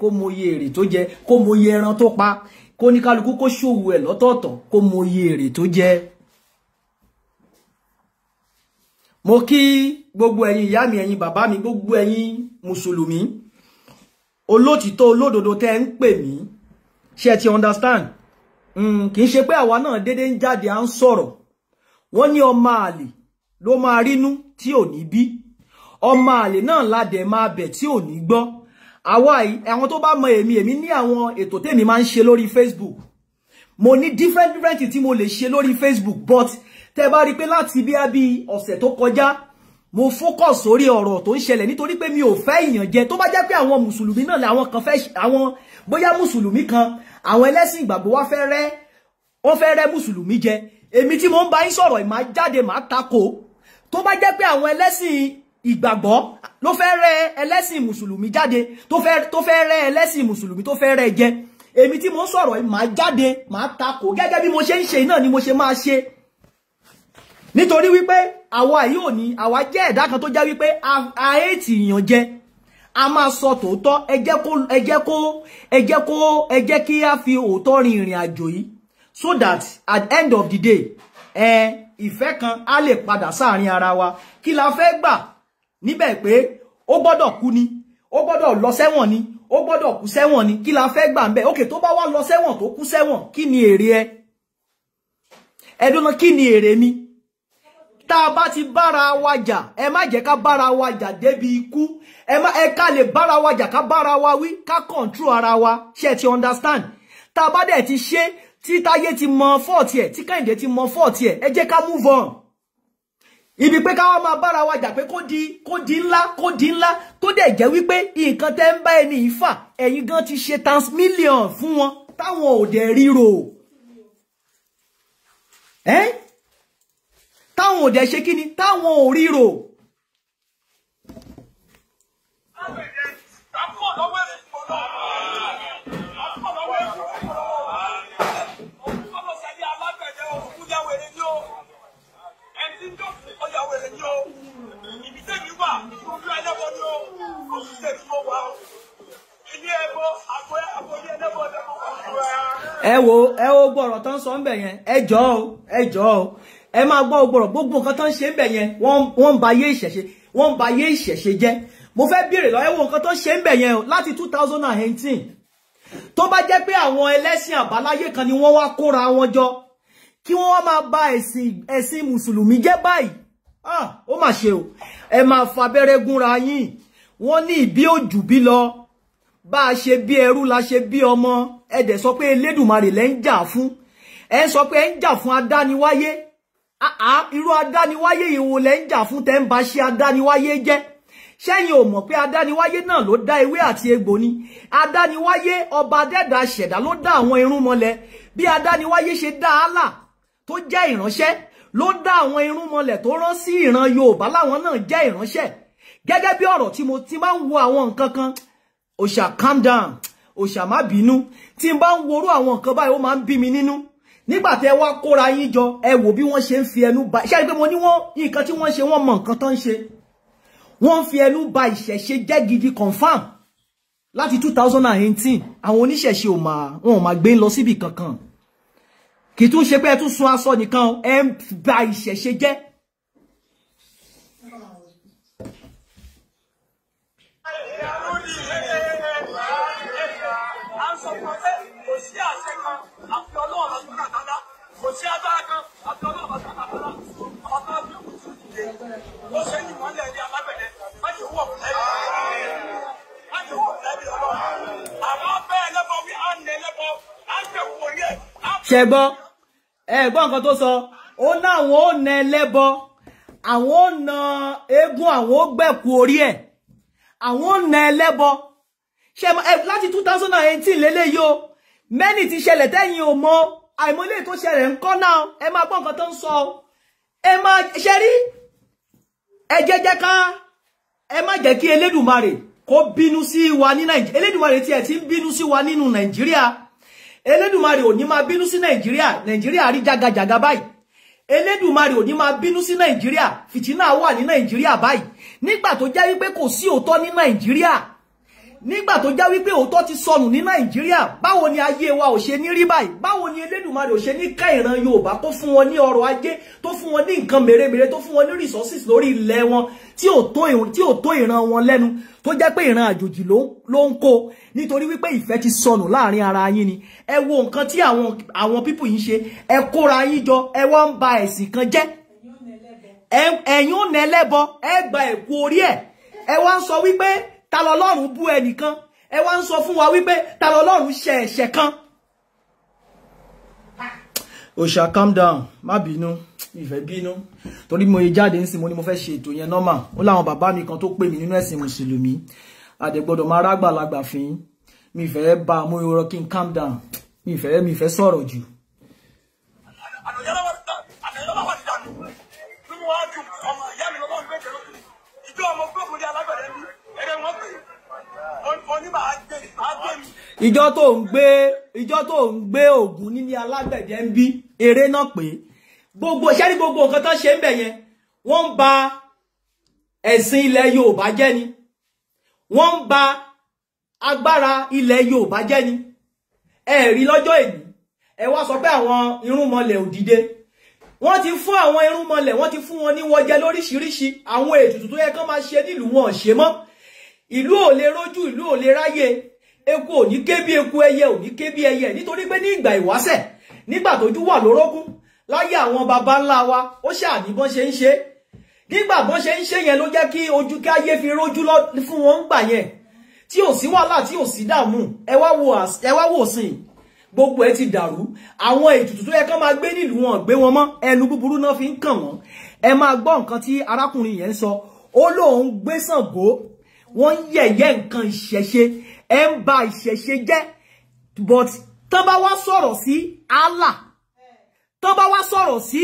kó mọye èrè tó jẹ kó mọye ẹran tó pa kó ní kálukú kó ṣòwò ẹ̀ lọ́tọ̀ọ̀tọ̀ kó mọ iye èrè tó jẹ́ mo kí gbogbo ẹ̀yin ìyá mi ẹ̀yin bàbá mi gbogbo ẹ̀yin mùsùlùmí olótìtọ́ olódodo tẹ́ ń pè mí ṣe ti understand hmm, kì í ṣe pé àwa náà dédé ń jáde à ń sọ̀rọ̀ wọ́n ní ọmọ àlè ló máa rínú tí ò ní bí ọmọ àlè náà ládẹ̀ máa bẹ̀ tí ò ní gbọ́ àwa yìí àwọn tó bá mọ èmi èmi ní àwọn ètò tèmi máa ń ṣe lórí Facebook mo ní different different tí mo lè ṣe lórí Facebook but tẹ bá rí pé láti bí abí ọ̀sẹ̀ tó kọjá mo focus sórí ọ̀rọ̀ tó ń ṣẹlẹ̀ nítorí pé mi ò fẹ́ ìyànjẹ tó bá jẹ́ pé àwọn mùsùlùmí náà làwọn kan fẹ́ àwọn bóyá mùsùlùmí kan àwọn ẹlẹ́sìn ìgbàgbọ́ wá fẹ́ rẹ́ wọ́n fẹ́ rẹ́ mùsùlùmí jẹ èmi tí mo ń bá yín sọ̀rọ̀ ìmá jáde tako tó bá jẹ́ pé àwọn ẹlẹ́sìn ìgbàgbọ́ ló fẹ́ rẹ́ ẹlẹ́sìn mùsùlùmí jáde tó fẹ́ tó fẹ́ rẹ́ ẹlẹ́sìn mùsùlùmí tó fẹ́ rẹ́ jẹ èmi tí mo ń sọ̀rọ̀ yìí màá jáde màá takò mo ṣe ń ṣe ni mo ṣe máa ṣe nítorí wípé awa yìí ò ní àwa jẹ́ kan tó jẹ́ wípé a éètì ìyàn jẹ a máa sọ tòótọ́ ẹ jẹ́ kó ẹ jẹ́ kó ẹ jẹ́ a fi òótọ́ rin ìrìn àjò so that at end of the day eh ife kan á lè padà sáàrin ara wa kí la fẹ́ gbà níbẹ̀ pé ó gbọ́dọ̀ kú ni ó gbọ́dọ̀ lọ sẹ́wọ̀n ni ó gbọ́dọ̀ kú sẹ́wọ̀n ni kí la fẹ́ gbà ń bẹ̀ òkè tó bá wá lọ sẹ́wọ̀n tó kú sẹ́wọ̀n kí ni èrè ẹ ẹdúnà kí ni èrè mi tá a bá ti bára wa jà ẹ má jẹ́ ká bára wa jà débi ikú ẹ má ẹ ká lè bára wa jà ká bára wa wí ká control ara wa ṣe ti understand tá a bá dẹ̀ ti ṣe tí táyé ti mọ fọ́ọ̀tì ẹ̀ tí kẹ́hìndé ti mọ fọ́ọ̀tì ẹ̀ ẹ jẹ́ ká move on ibi pé káwọn máa bára wa jà pé kó di kó di ńlá kó di ńlá tó dẹ̀ jẹ́ wípé nǹkan tẹ́ ń bá ẹni ìfà ẹ̀yin gan ti ṣe tans million fún wọn táwọn ò dẹ̀ ríro táwọn ò dẹ̀ ṣe kí ni táwọn ò ríro. ẹ wo ẹ wo gbọ́rọ̀ tán sọ ń bẹ̀ yẹn ẹ jọ o ẹ jọ o ẹ máa gbọ́ gbọ́rọ̀ gbogbo nǹkan tán ṣe ń bẹ̀ yẹn wọ́n ń ba ayé ìṣẹ̀ṣe wọ́n ń ba ayé ìṣẹ̀ṣe jẹ́ mo fẹ́ béèrè lọ ẹ wo nǹkan tán ṣe ń bẹ̀ yẹn o láti two thousand and eighteen tó bá jẹ́ pé àwọn ẹlẹ́sìn àbáláyé kan ni wọ́n wá kóra wọn jọ kí wọ́n wá máa ba ẹ̀sìn ẹ̀sìn mùsùlùmí jẹ́ báyìí ah, ó mà ṣe o ẹ máa fa abẹ́rẹ́ gúnra yín wọ́n ní ìbí òjù bí lọ bá a ṣe bí ẹrú la ṣe bí ọmọ ẹ dẹ̀ sọ pé elédùnmarè lẹ́ ń jà fún ẹ sọ pé ẹ ń jà fún adániwáyé irú adániwáyé ìwo lẹ́ ń jà fún tẹ́ ń ba ṣe adániwáyé jẹ́ ṣẹ́yìn ò mọ̀ pé adániwáyé náà ló dá ewé àti egbò ni adániwáyé ọba dẹ́dà ṣẹ̀dá ló dá àwọn irúnmọlẹ̀ bí adániwáyé ṣe dá Allah tó jẹ́ ìránṣẹ́ ló dá àwọn irúnmọlẹ̀ tó rán sí ìran Yorùbá láwọn náà jẹ́ ìránṣẹ́ gẹ́gẹ́ bí ọ̀rọ̀ tí mo ti máa ń wo àwọn nǹkan kan òṣà calm down òṣà má bínú tí n bá ń worú àwọn nǹkan báyìí ó máa ń bí mi nínú nígbà tẹ́ wá kóra yín jọ ẹ wò bí wọ́n ṣe ń fi ẹnu ba ṣe pé mo ní wọ́n nǹkan tí wọ́n ṣe wọ́n mọ nǹkan tó ń ṣe wọ́n ń fi ẹnu ba ìṣẹ̀ṣe jẹ́ gidi confam láti 2018 àwọn oníṣẹ̀ṣe ò máa wọn ò máa gbé lọ síbi kankan kì í tún ṣe pé ẹ tún sun aṣọ nìkan ẹ ń ba ìṣẹ̀ṣe jẹ́ sí àṣẹ kan àfi ọlọ́run ọ̀sán kàkàlá kò sí agbára kan àfi ọlọ́run ọ̀sán kàkàlá ọ̀sán tó fi kù sí ìdílé ó ṣe ní ìmọ̀lẹ̀ ní alágbẹ̀dẹ má ṣe wọ̀ fún ẹ̀mí má ṣe wọ̀ fún ẹ̀mí ọlọ́run àmọ́ bẹ́ẹ̀ lẹ́bọ̀ wí á nẹ lẹ́bọ̀ á ṣe wò yẹ. ṣe gbọ́ ẹ gbọ́ nǹkan tó sọ ó náwọn ó nẹ lẹ́bọ àwọn ó na eégún àwọn ó gbẹ̀kú orí ẹ̀ àwọn ó na ẹlẹ́bọ ṣe láti two thousand and eighteen lélẹ́yìí o Many ti ṣẹlẹ̀ tẹ́yìn ò mọ àìmọ̀lẹ́ tó ṣẹlẹ̀ ń kọ́ náà ẹ máa gbọ́ nǹkan tó ń sọ ẹ máa ṣe rí ẹ jẹ́jẹ́ ká ẹ má jẹ́ kí Elédùmarè kó bínú sí wa ní Nàìjíríà Elédùmarè tiẹ̀ ti ń bínú sí wa nínú Nàìjíríà Elédùmarè ò ní máa bínú sí Nigeria. Nàìjíríà rí jàgàjàgà báyìí Elédùmarè ò ní máa bínú sí Nàìjíríà fìtínà wà ní Nàìjíríà báyìí nígbà tó jẹ́ wípé kò sí òótọ́ ní Nàìjíríà nígbà tó já wípé òótọ́ ti sọnù ní nàìjíríà báwo ni ayé wa ò ṣe ní rí báyìí báwo ni elédùnmarè ò ṣe ní ká ìran yorùbá kó fún wọn ní ọrọ̀ ajé tó fún wọn ní nǹkan mèremère tó fún wọn ní resources lórí ilẹ̀ wọn tí ò tó ìran wọn lẹ́nu tó jẹ́ pé ìran àjòjì ló ń kó nítorí wípé ìfẹ́ ti sọnù láàrin ara yín ni ẹ wo nǹkan tí àwọn pípù yìí ṣe ẹ kóra yín jọ ẹ wá ń ba ẹ̀sìn kan jẹ́ ẹ̀yin ò ẹ gba ẹ̀kú orí ẹ̀ ẹ wá ń sọ wípé ta lọ́lọ́run bú ẹnìkan ẹ wá ń sọ wa wípé ta lọ́lọ́run ṣe ẹ̀ṣẹ̀ kan. òṣà calm down má bínú ìfẹ́ bínú torí mo jáde ń sìn mo ní mo fẹ́ ṣe ètò yẹn normal ó láwọn bàbá mi kan tó pè mí nínú ẹ̀sìn mùsùlùmí àdègbọ́dọ̀ máa rágbàlagbà fín mi ìfẹ́ bá amóhóró kí n calm down mi ìfẹ́ mi ìfẹ́ sọ̀rọ̀ jù ìjọ tó ń gbé ìjọ tó ń gbé ògùn nílé alágbẹ̀dẹ ń bí eré náà pé gbogbo ṣẹ́ni gbogbo nǹkan tó ṣe ń bẹ̀ yẹn wọ́n ń ba ẹ̀sìn ilẹ̀ Yorùbá jẹ́ ni wọ́n ń ba agbára ilẹ̀ Yorùbá jẹ́ ni ẹ̀rí lọ́jọ́ èyí ẹ wá sọ pé àwọn irúnmọlẹ̀ òdìdé wọ́n ti fún àwọn irúnmọlẹ̀ wọ́n ti fún wọn ní wọ́n jẹ lóríṣiríṣi àwọn ètùtù tó yẹ kán máa ṣe nílùú wọn ò ṣe mọ́ ìlú ò lè rójú ìlú ò lè ráyè eku ò ní ké bí eku ẹyẹ ò ní ké bí ẹyẹ nítorí pé ní ìgbà ìwásẹ̀ nígbà tójú wà lórókún láyé àwọn baba ńlá wa ó ṣàní bọ́n ṣe ń ṣe nígbà bọ́n ṣe ń ṣe yẹn ló jẹ́ kí ojú kí ayé fi rójú fún wọn gbà yẹn tí ò sí wàhálà tí ò sí dààmú ẹ wá wò sìn gbogbo ẹ ti dàrú àwọn ètùtù tó yẹ kán máa gbé nílùú wọn gbé wọn mọ́ ẹnu búburú náà fi ń kàn wọ́n ẹ máa gbọ́ nǹkan tí arákùnrin yẹn ń sọ ó lóun gbé Ṣàngó wọ́n ń yẹ̀yẹ́ nǹkan ìṣẹ̀ṣe ẹ̀ ba ìṣẹ̀ṣe je. but tán bá wá sọ̀rọ̀ sí Allah tán bá wá sọ̀rọ̀ sí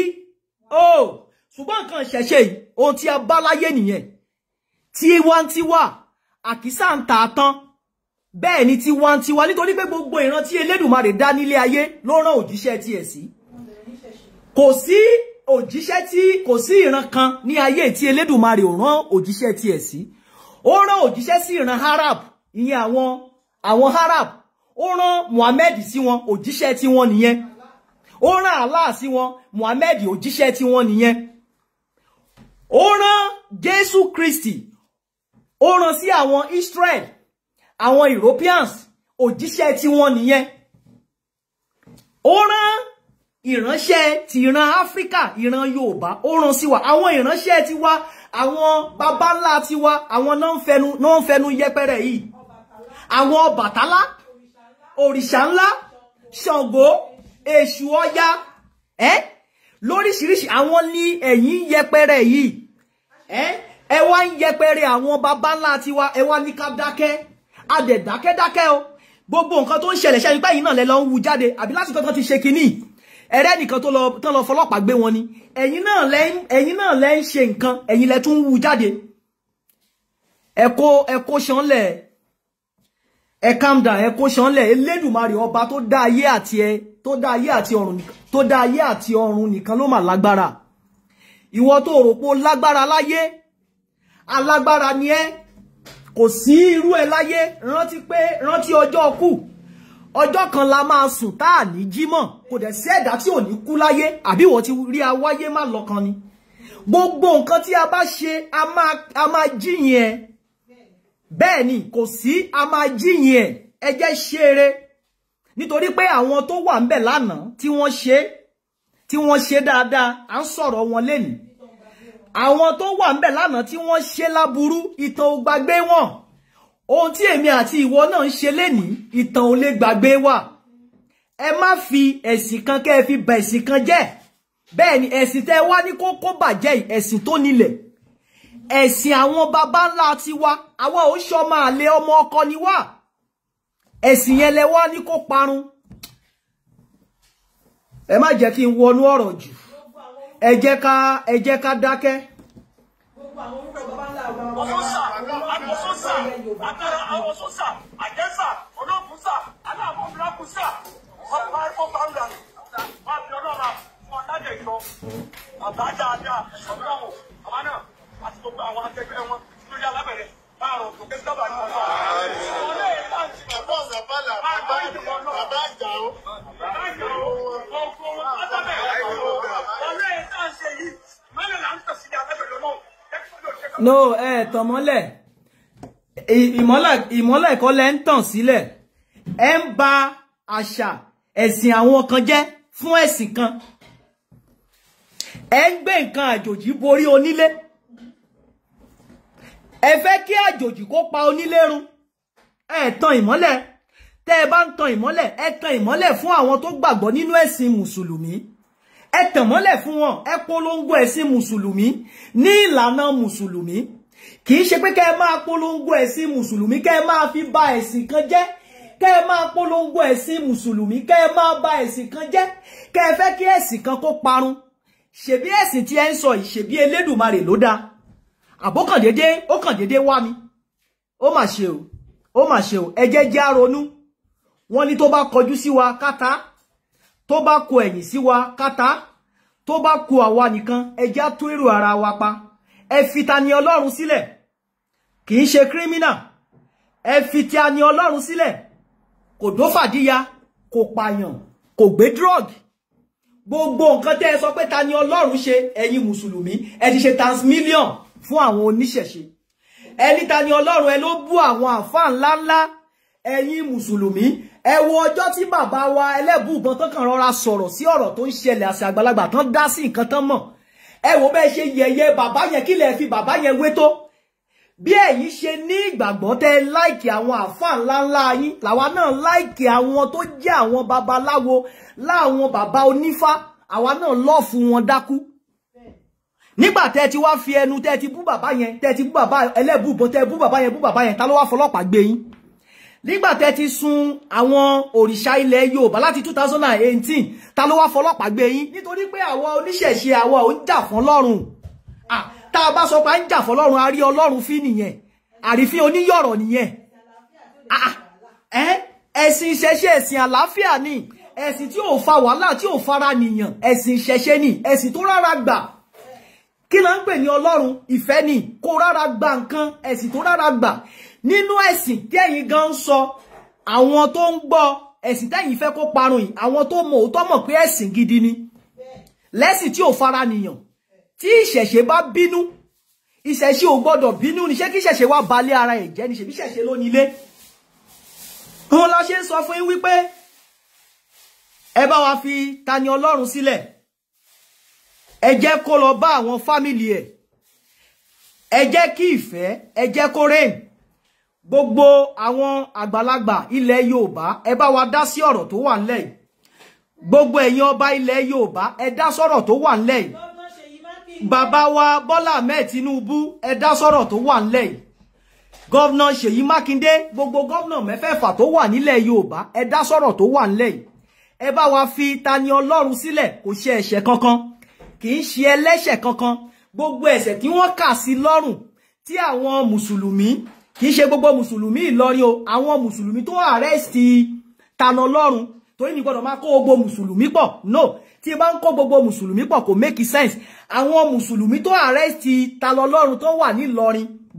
o oh, ṣùgbọ́n nǹkan ìṣẹ̀ṣe yìí ohun tí a bá láyé nìyẹn tiwantiwa wa ń ta tán bẹ́ẹ̀ ni tiwantiwa nítorí pé gbogbo ìran tí Elédùmarè dá nílé ayé ló rán òjíṣẹ́ tiẹ̀ sí kò sí òjíṣẹ́ tí kò sí ìran kan ní ayé tí Elédùmarè ò rán òjíṣẹ́ tiẹ̀ esi ó rán òjíṣẹ́ sí ìran Arab ìyẹn àwọn àwọn Arab ó rán Muhammad sí wọn òjíṣẹ́ tí wọ́n nìyẹn ó rán Allah sí wọn Muhammad òjíṣẹ́ tí wọ́n nìyẹn ó rán Jésù Kristi ó rán sí àwọn Israel àwọn Europeans òjíṣẹ́ tí wọ́n nìyẹn ó rán ìránṣẹ́ ti ìran Áfíríkà ìran Yorùbá ó rán sí wa àwọn ìránṣẹ́ ti wa àwọn baba ńlá tiwa àwọn náà ń fẹnu náà ń fẹnu yẹpẹrẹ yìí àwọn ọbàtálá òrìṣà ńlá ṣàngó èṣù ọya ẹ lóríṣiríṣi àwọn ní ẹ̀yin yẹpẹrẹ yìí ẹ ẹ wá ń yẹpẹrẹ àwọn baba ńlá tiwa ẹ wá ní ká dákẹ́ adẹ̀ dákẹ́dákẹ́ o gbogbo nǹkan tó ń ṣẹlẹ̀ ṣẹ́yìn pẹ́yìn náà lẹ lọ ń wu jáde àbí lásìkò tó ti ṣe kínní ẹ̀rẹ́ nìkan tó lọ tán lọ fọlọ́pàá gbé wọn ni ẹ̀yin náà lẹ́ ẹ̀yin náà lẹ́ ń ṣe nǹkan ẹ̀yin lẹ́ tún wú jáde ẹ̀kọ́ ẹ̀kọ́ ṣanlẹ̀ ẹ̀ calm down ẹ̀kọ́ ṣanlẹ̀ elédùnmarè ọba tó dá ayé àti ẹ tó dá ayé àti ọ̀run tó dá ayé àti ọ̀run nìkan ló mà lágbára ìwọ tó rò pé lágbára láyé alágbára ni ẹ kò sí irú ẹ láyé rántí pé rántí ọjọ́ kù ọjọ́ kan la máa sùn tá à ní jímọ̀ kò dẹ̀ sí ẹ̀dá tí ò ní kú láyé àbí ìwọ ti rí awáyé má lọ́kan ni gbogbo nǹkan tí a bá ṣe a máa jíyìn ẹ bẹ́ẹ̀ ni kò sí a máa jíyìn ẹ ẹ jẹ́ ṣeré nítorí pé àwọn tó wà ń bẹ̀ lánàá tí wọ́n ṣe tí wọ́n ṣe dáadáa à ń sọ̀rọ̀ wọn lénìí àwọn tó wà ń bẹ̀ lánàá tí wọ́n ṣe láburú ìtàn ò gbàgbé wọn ohun tí èmi àti ìwọ náà ń ṣe lénìí ìtàn ò lè gbàgbé wa ẹ má fi ẹ̀sìn kan kẹ́ ẹ fi bà ẹ̀sìn kan jẹ́ bẹ́ẹ̀ ni ẹ̀sìn tẹ́ wá ní kókó bàjẹ́ yìí ẹ̀sìn tó nílẹ̀ ẹ̀sìn àwọn baba ńlá tiwa àwa ò ṣọmọ àlè ọmọ ọkọ ni wá ẹ̀sìn yẹn lẹ wá ní kó parun ẹ má jẹ́ kí n wọnú ọ̀rọ̀ jù ẹ jẹ́ ká ẹ jẹ́ ká dákẹ́. gbogbo àwọn orúkọ bàbá ọsọsà àtọsọsà àtàrà àwọsọsà àjẹsà olókùsà aláàbọ̀bìlákùsà ọba ọba ọ̀la wà bí ọlọ́ra fún ọ̀dájọ́ ìjọ bàbá dáadáa ọ̀dọ́wọ̀ àwọn náà àti gbogbo àwọn akẹgbẹ́ wọn lórí alábẹ̀rẹ̀ báàrọ̀ tó ké sábà ní ọ̀la. bàbá ọ̀nà bàlà bàbá ìdìbò náà bàbá ìjà o. bàbá ìjà o gbogbo alábẹ̀rẹ̀ ọ̀lẹ́ ìta ṣe yìí mẹ́lẹ̀ là ń tẹ̀sí ní alábẹ̀rẹ̀ náà no ẹ tàn mọ́lẹ̀ ìmọ́lẹ̀ ẹ̀kọ́ lẹ ń tàn sílẹ̀ ẹ ń ba àṣà ẹ̀sìn àwọn kan jẹ́ fún ẹ̀sìn kan ẹ ń gbé nǹkan àjòjì borí onílé ẹ fẹ́ kí àjòjì kó pa onílé run ẹ tan ìmọ́lẹ̀ tẹ́ ẹ bá ń tan ìmọ́lẹ̀ ẹ tan ìmọ́lẹ̀ fún àwọn tó gbàgbọ́ nínú ẹ̀sìn mùsùlùmí ẹ tàn mọ́lẹ̀ fún wọn ẹ polongo ẹ̀sìn mùsùlùmí ní ìlànà mùsùlùmí kì í ṣe pé kẹ́ ẹ máa polongo ẹ̀sìn mùsùlùmí kẹ́ ẹ máa fi ba ẹ̀sìn kan jẹ́ kẹ́ ẹ máa polongo ẹ̀sìn mùsùlùmí kẹ́ ẹ máa ba ẹ̀sìn kan jẹ́ kẹ́ ẹ fẹ́ kí ẹ̀sìn kan kó parun ṣèbí ẹ̀sìn tí ẹ ń sọ yìí ṣèbí elédùnmarè ló dáa àbókàndédé ó kàn wá mi ó mà ṣe o ó mà ṣe o ẹ jẹ́ jẹ́ àrònú wọ́n ní tó bá kọjú sí wa káta tó bá kó ẹ̀yìn sí wa kátá tó bá kó àwa nìkan ẹjá tó èrò ara wa pa ẹ fi ta ni ọlọ́run sílẹ̀ kì í ṣe kírímínà ẹ fi ti a ni ọlọ́run sílẹ̀ kò dófàdíya kò pààyàn kò gbé drọ́ọ̀gì gbogbo nǹkan tẹ́ ẹ sọ pé ta ni ọlọ́run ṣe ẹ̀yin mùsùlùmí ẹ ti ṣe transmillion fún àwọn oníṣẹ̀ṣe ẹni ta ni ọlọ́run ẹ ló bú àwọn àfáà ńláńlá ẹ̀yin mùsùlùmí ẹ wo ọjọ́ tí bàbá wa ẹlẹ́bùbọn tán kàn rọra sọ̀rọ̀ sí ọ̀rọ̀ tó ń ṣẹlẹ̀ àṣà àgbàlagbà tán dá sí nǹkan tán mọ̀ ẹ wo bẹ́ẹ̀ ṣe yẹ̀yẹ́ bàbá yẹn kí lẹ fi bàbá yẹn wé tó bí ẹ̀yin ṣe ní ìgbàgbọ́ tẹ́ láìkì àwọn àfáà ńláńlá yín làwa náà láìkì àwọn tó jẹ́ àwọn babaláwo láwọn bàbá onífá àwa náà lọ́ọ̀fù wọn dákú nígbà tẹ́ ti wá fi ẹnu tẹ́ ti bú bàbá yẹn tẹ́ ti bú bàbá ẹlẹ́bùbọn tẹ́ bú bàbá yẹn bú bàbá yẹn ta ló wá fọlọ́pàá gbé yín nígbà tẹ́ ti sun àwọn òrìṣà ilẹ̀ Yorùbá láti 2018 ta ló wá fọlọ́pàá gbé yín nítorí pé àwọn oníṣẹ̀ṣe àwa ò ń jà fún Ọlọ́run tá a bá sọ pé à ń jà fún Ọlọ́run a rí Ọlọ́run fín nìyẹn àrífín oníyọ̀rọ̀ nìyẹn ẹ̀sìn ìṣẹ̀ṣe ẹ̀sìn àlàáfíà ni ẹ̀sìn tí ò fa wàhálà tí ò fara nìyàn ẹ̀sìn ìṣẹ̀ṣe ni ẹ̀sìn tó rárá gbà kí là ń pè ní Ọlọ́run ìfẹ́ ni kó rárá gba nǹkan ẹ̀sìn tó rárá gbà nínú ẹ̀sìn tẹ́yin gan ń sọ àwọn tó ń gbọ́ ẹ̀sìn tẹ́yin fẹ́ kó parun yìí àwọn tó mọ̀ òótọ́ mọ̀ pé ẹ̀sìn gidi ni lẹ́sìn tí ò fara nìyàn tí ìṣẹ̀ṣe bá bínú ìṣẹ̀ṣe ò gbọ́dọ̀ bínú ni ṣé kí ìṣẹ̀ṣe wá balẹ̀ ara ẹ̀ jẹ́ ni ṣèbí ìṣẹ̀ṣe ló nílé wọn lọ ṣe ń sọ fún yín wípé ẹ bá wa fi Tani Ọlọ́run sílẹ̀ ẹ jẹ́ kó lọ bá àwọn fámìlì ẹ̀ ẹ jẹ́ kí ìfẹ́ ẹ jẹ́ kó rẹ́yìn gbogbo àwọn àgbàlagbà ilẹ̀ Yorùbá ẹ bá wa dá sí ọ̀rọ̀ tó wà nílẹ̀ yìí gbogbo ẹ̀yin ọba ilẹ̀ Yorùbá ẹ dá sọ̀rọ̀ tó wà nílẹ̀ yìí bàbá wa Bọ́lá Ahmed Tinubu ẹ dá sọ̀rọ̀ tó wà nílẹ̀ yìí gọ́vnà Ṣèyí Mákindé gbogbo gọ́vnà mẹ́fẹ̀ẹ̀fà tó wà nílẹ̀ Yorùbá ẹ dá sọ̀rọ̀ tó wà nílẹ̀ yìí ẹ bá wa fi Tani Ọlọ́run sílẹ̀ kò ṣe ẹ̀ṣẹ̀ kankan kì í ṣe ẹlẹ́ṣẹ̀ kankan gbogbo ẹ̀ṣẹ̀ tí wọ́n kà sí lọ́rùn tí àwọn mùsùlùmí kì í ṣe gbogbo mùsùlùmí Ìlọrin o àwọn mùsùlùmí tó àrẹ́sì Tani Olohun torí ní gbọ́dọ̀ máa kó gbogbo mùsùlùmí pọ̀ no tí bá ń kó gbogbo mùsùlùmí pọ̀ kò make sense àwọn mùsùlùmí tó àrẹ́sì Tani Olohun tó wà ní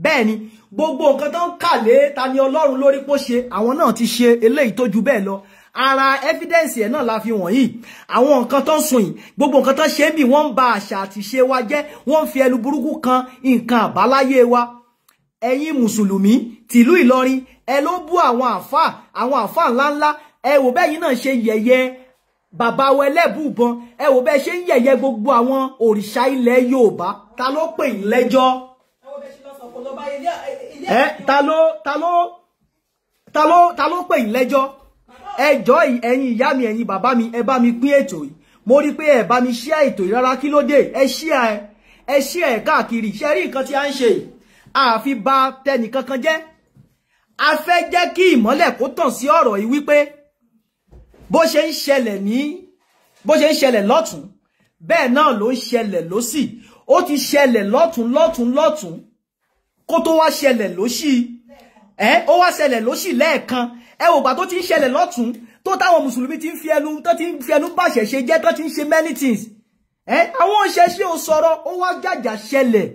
bẹ́ẹ̀ ni gbogbo nǹkan tó ń kàlé Tani Olohun lórí pó ṣe àwọn náà ti ṣe eléyìí tó ju bẹ́ẹ̀ lọ ara evidence ẹ̀ náà la fi wọ̀nyí àwọn nǹkan tó ń sùn yìí gbogbo nǹkan tó ṣe ń bì wọ́n ń ba àṣà àtìṣe wa jẹ́ wọ́n ń fi ẹnu burúkú kan nǹkan àbáláyé wa ẹ̀yin mùsùlùmí tìlú Ìlọrin ẹ ló bú àwọn àfáà àwọn àfáà ńláńlá ẹ wò bẹ́yìn náà ṣe yẹ̀yẹ́ bàbá wa ẹlẹ́bùbọn ẹ wò bẹ́ẹ̀ ṣe ń yẹ̀yẹ́ gbogbo àwọn òrìṣà ilẹ̀ Yorùbá ta ló pè yín lẹ́jọ́ ẹ ta ló ta ló ta ló ta ló pè yín lẹ́jọ́ ẹjọ́ ẹ̀yin ìyá mi ẹ̀yin bàbá mi ẹ bá mi pín ètò yìí mo rí pé ẹ bá mi share ètò yìí rárá kí ló dé ẹ share ẹ ẹ share ẹ káàkiri ṣe rí nǹkan tí a ń ṣe yìí a fi bà tẹnì kankan jẹ́ a fẹ́ jẹ́ kí ìmọ́lẹ̀ kó tàn sí ọ̀rọ̀ yìí wípé bó ṣe ń ṣẹlẹ̀ ní bó ṣe ń ṣẹlẹ̀ lọ́tún bẹ́ẹ̀ náà ló ń ṣẹlẹ̀ lósì ó ti ṣẹlẹ̀ lọ́tún lọ́tún lọ́tún kó tó wá ṣẹlẹ̀ lósì ẹ ó wá ṣẹlẹ̀ lóṣì lẹ́ẹ̀kan ẹ wò gbà tó ti ń ṣẹlẹ̀ lọ́tún tó táwọn mùsùlùmí ti ń fi ẹnu tó ti ń fi ẹnu bàṣẹ̀ ṣe jẹ́ tó ti ń ṣe many things ẹ àwọn òṣèṣe ò sọ̀rọ̀ ó wá jàjà ṣẹlẹ̀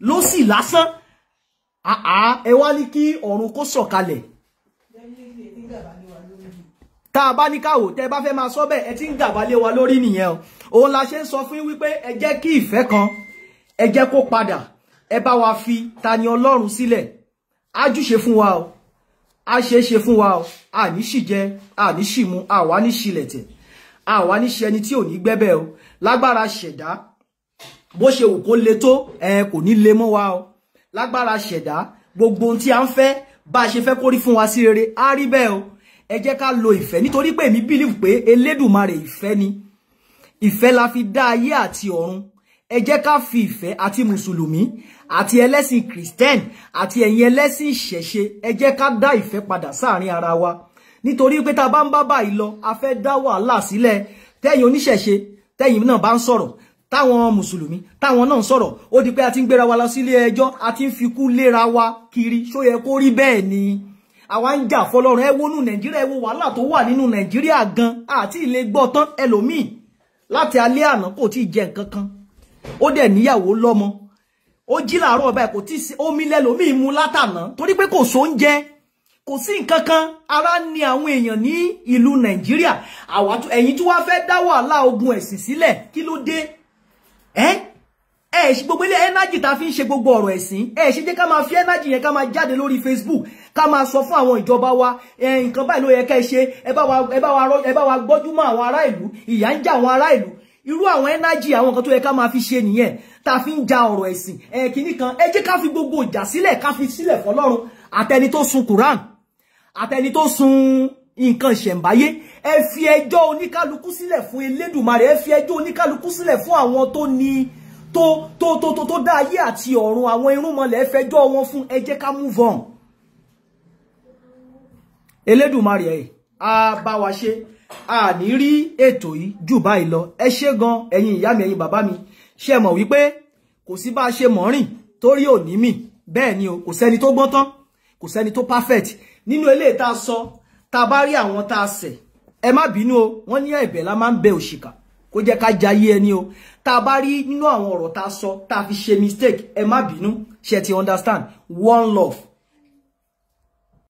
ló sì lásán ẹ wá ní kí ọ̀run kó sọ̀kalẹ̀ tá a bá ní káwò tẹ́ bá fẹ́ máa sọ bẹ́ẹ̀ ẹ ti ń gàbálé wa lórí nìyẹn o òun la ṣe ń sọ fún wípé ẹ jẹ́ kí ìfẹ́ kan ẹ jẹ́ kó padà ẹ bá wa fi Tani Ọlọ́run sílẹ̀ ájúṣe fún wa o a ṣe é ṣe fún wa o a ní jẹ a ní mu a wá ní ṣilẹ̀ tẹ̀ a wá ní ṣe ẹni tí ò ní gbẹ́bẹ̀ o lágbára ṣẹ̀dá bó ṣe wù kó le tó ẹ kò ní le mọ́ wa o lágbára ṣẹ̀dá gbogbo ohun tí a ń fẹ́ bá a ṣe fẹ́ kó rí fún wa sí rere á rí bẹ́ẹ̀ o ẹ jẹ́ ká lo ìfẹ́ nítorí pé èmi bílíf pé elédùnmarè ìfẹ́ ni ìfẹ́ la fi dá ayé àti ọ̀run ẹ jẹ́ ká fi ìfẹ́ àti mùsùlùmí àti ẹlẹ́sìn kristẹn àti ẹ̀yin ẹlẹ́sìn ìṣẹ̀ṣe ẹ jẹ́ ká dá ìfẹ́ padà sáàrin ara wa nítorí pé tá a bá ń bá báyìí lọ a fẹ́ dá wàhálà sílẹ̀ tẹ́yin oníṣẹ̀ṣe tẹ́yin náà bá ń sọ̀rọ̀ táwọn mùsùlùmí táwọn náà sọ̀rọ̀ ó di pé a ti ń gbéra wa lọ sílé ẹjọ́ a ti ń fikú léra wa kiri ṣó yẹ kó rí bẹ́ẹ̀ ni àwa ń jà fọlọ́run ẹ wónú nàìjíríà ẹ wo wàhálà tó wà nínú nàìjíríà gan àti ilé gbọ́ tán ẹlòmíì láti alẹ́ àná kò tí ì jẹ nǹkan kan ó dẹ̀ níyàwó lọ́mọ ó jí làárọ̀ báyìí kò tí ì sí omi lẹ́lòmíì mu látàná torí pé kò sóúnjẹ kò sí nǹkan kan ara ni àwọn èèyàn ní ìlú nàìjíríà àwa ẹ̀yin tí wàá fẹ́ dá wàhálà ogun ẹ̀sìn sílẹ̀ kí ló dé ẹ ẹ ṣe gbogbo ilé ẹnájì tá a fi ń ṣe gbogbo ọ̀rọ̀ ẹ̀sìn ẹ ṣe jẹ́ ká máa fi ẹnájì yẹn ká máa jáde lórí Facebook ká máa sọ fún àwọn ìjọba wa ẹ nǹkan báyìí ló yẹ ká ẹ ṣe ẹ bá wa gbọ́júmọ́ àwọn ará ìlú ìyà ń jẹ àwọn ará ìlú irú àwọn ẹnájì àwọn nǹkan tó yẹ ká máa fi ṣe nìyẹn tá a fi ń ja ọ̀rọ̀ ẹ̀sìn ẹ kìíní kan ẹ jẹ́ ká fi gbogbo ìjà sílẹ̀ ká fi sílẹ̀ fọ́lọ́run àtẹni tó sun Quran àtẹni tó sun nǹkan ṣẹ̀ǹbáyé ẹ fi ẹjọ́ oníkálukú sílẹ̀ fún elédùmarè ẹ fi ẹjọ́ oníkálukú sílẹ̀ fún àwọn tó ní tó tó tó tó tó dá ayé àti ọ̀run àwọn irúnmọlẹ̀ ẹ fẹjọ́ wọn fún ẹ jẹ́ ká move on elédùmarè ẹ á bá wa ṣe a ní rí ètò yìí jù báyìí lọ ẹ ṣé gan ẹ̀yin ìyá mi ẹ̀yin bàbá mi ṣe mọ̀ wípé kò sí bá a ṣe mọ̀ rìn torí òní mi bẹ́ẹ̀ ni o kò sẹ́ni tó gbọ́n tán kò sẹ́ni tó perfect nínú eléyìí tá a sọ tá a bá rí àwọn tá a ṣẹ̀ ẹ má bínú o wọ́n ní ẹ̀bẹ̀ la máa ń bẹ òṣìkà kó jẹ́ ká jayé ẹni o tá a bá rí nínú àwọn ọ̀rọ̀ tá a fi ṣe mistake ẹ má bínú she ti understand one love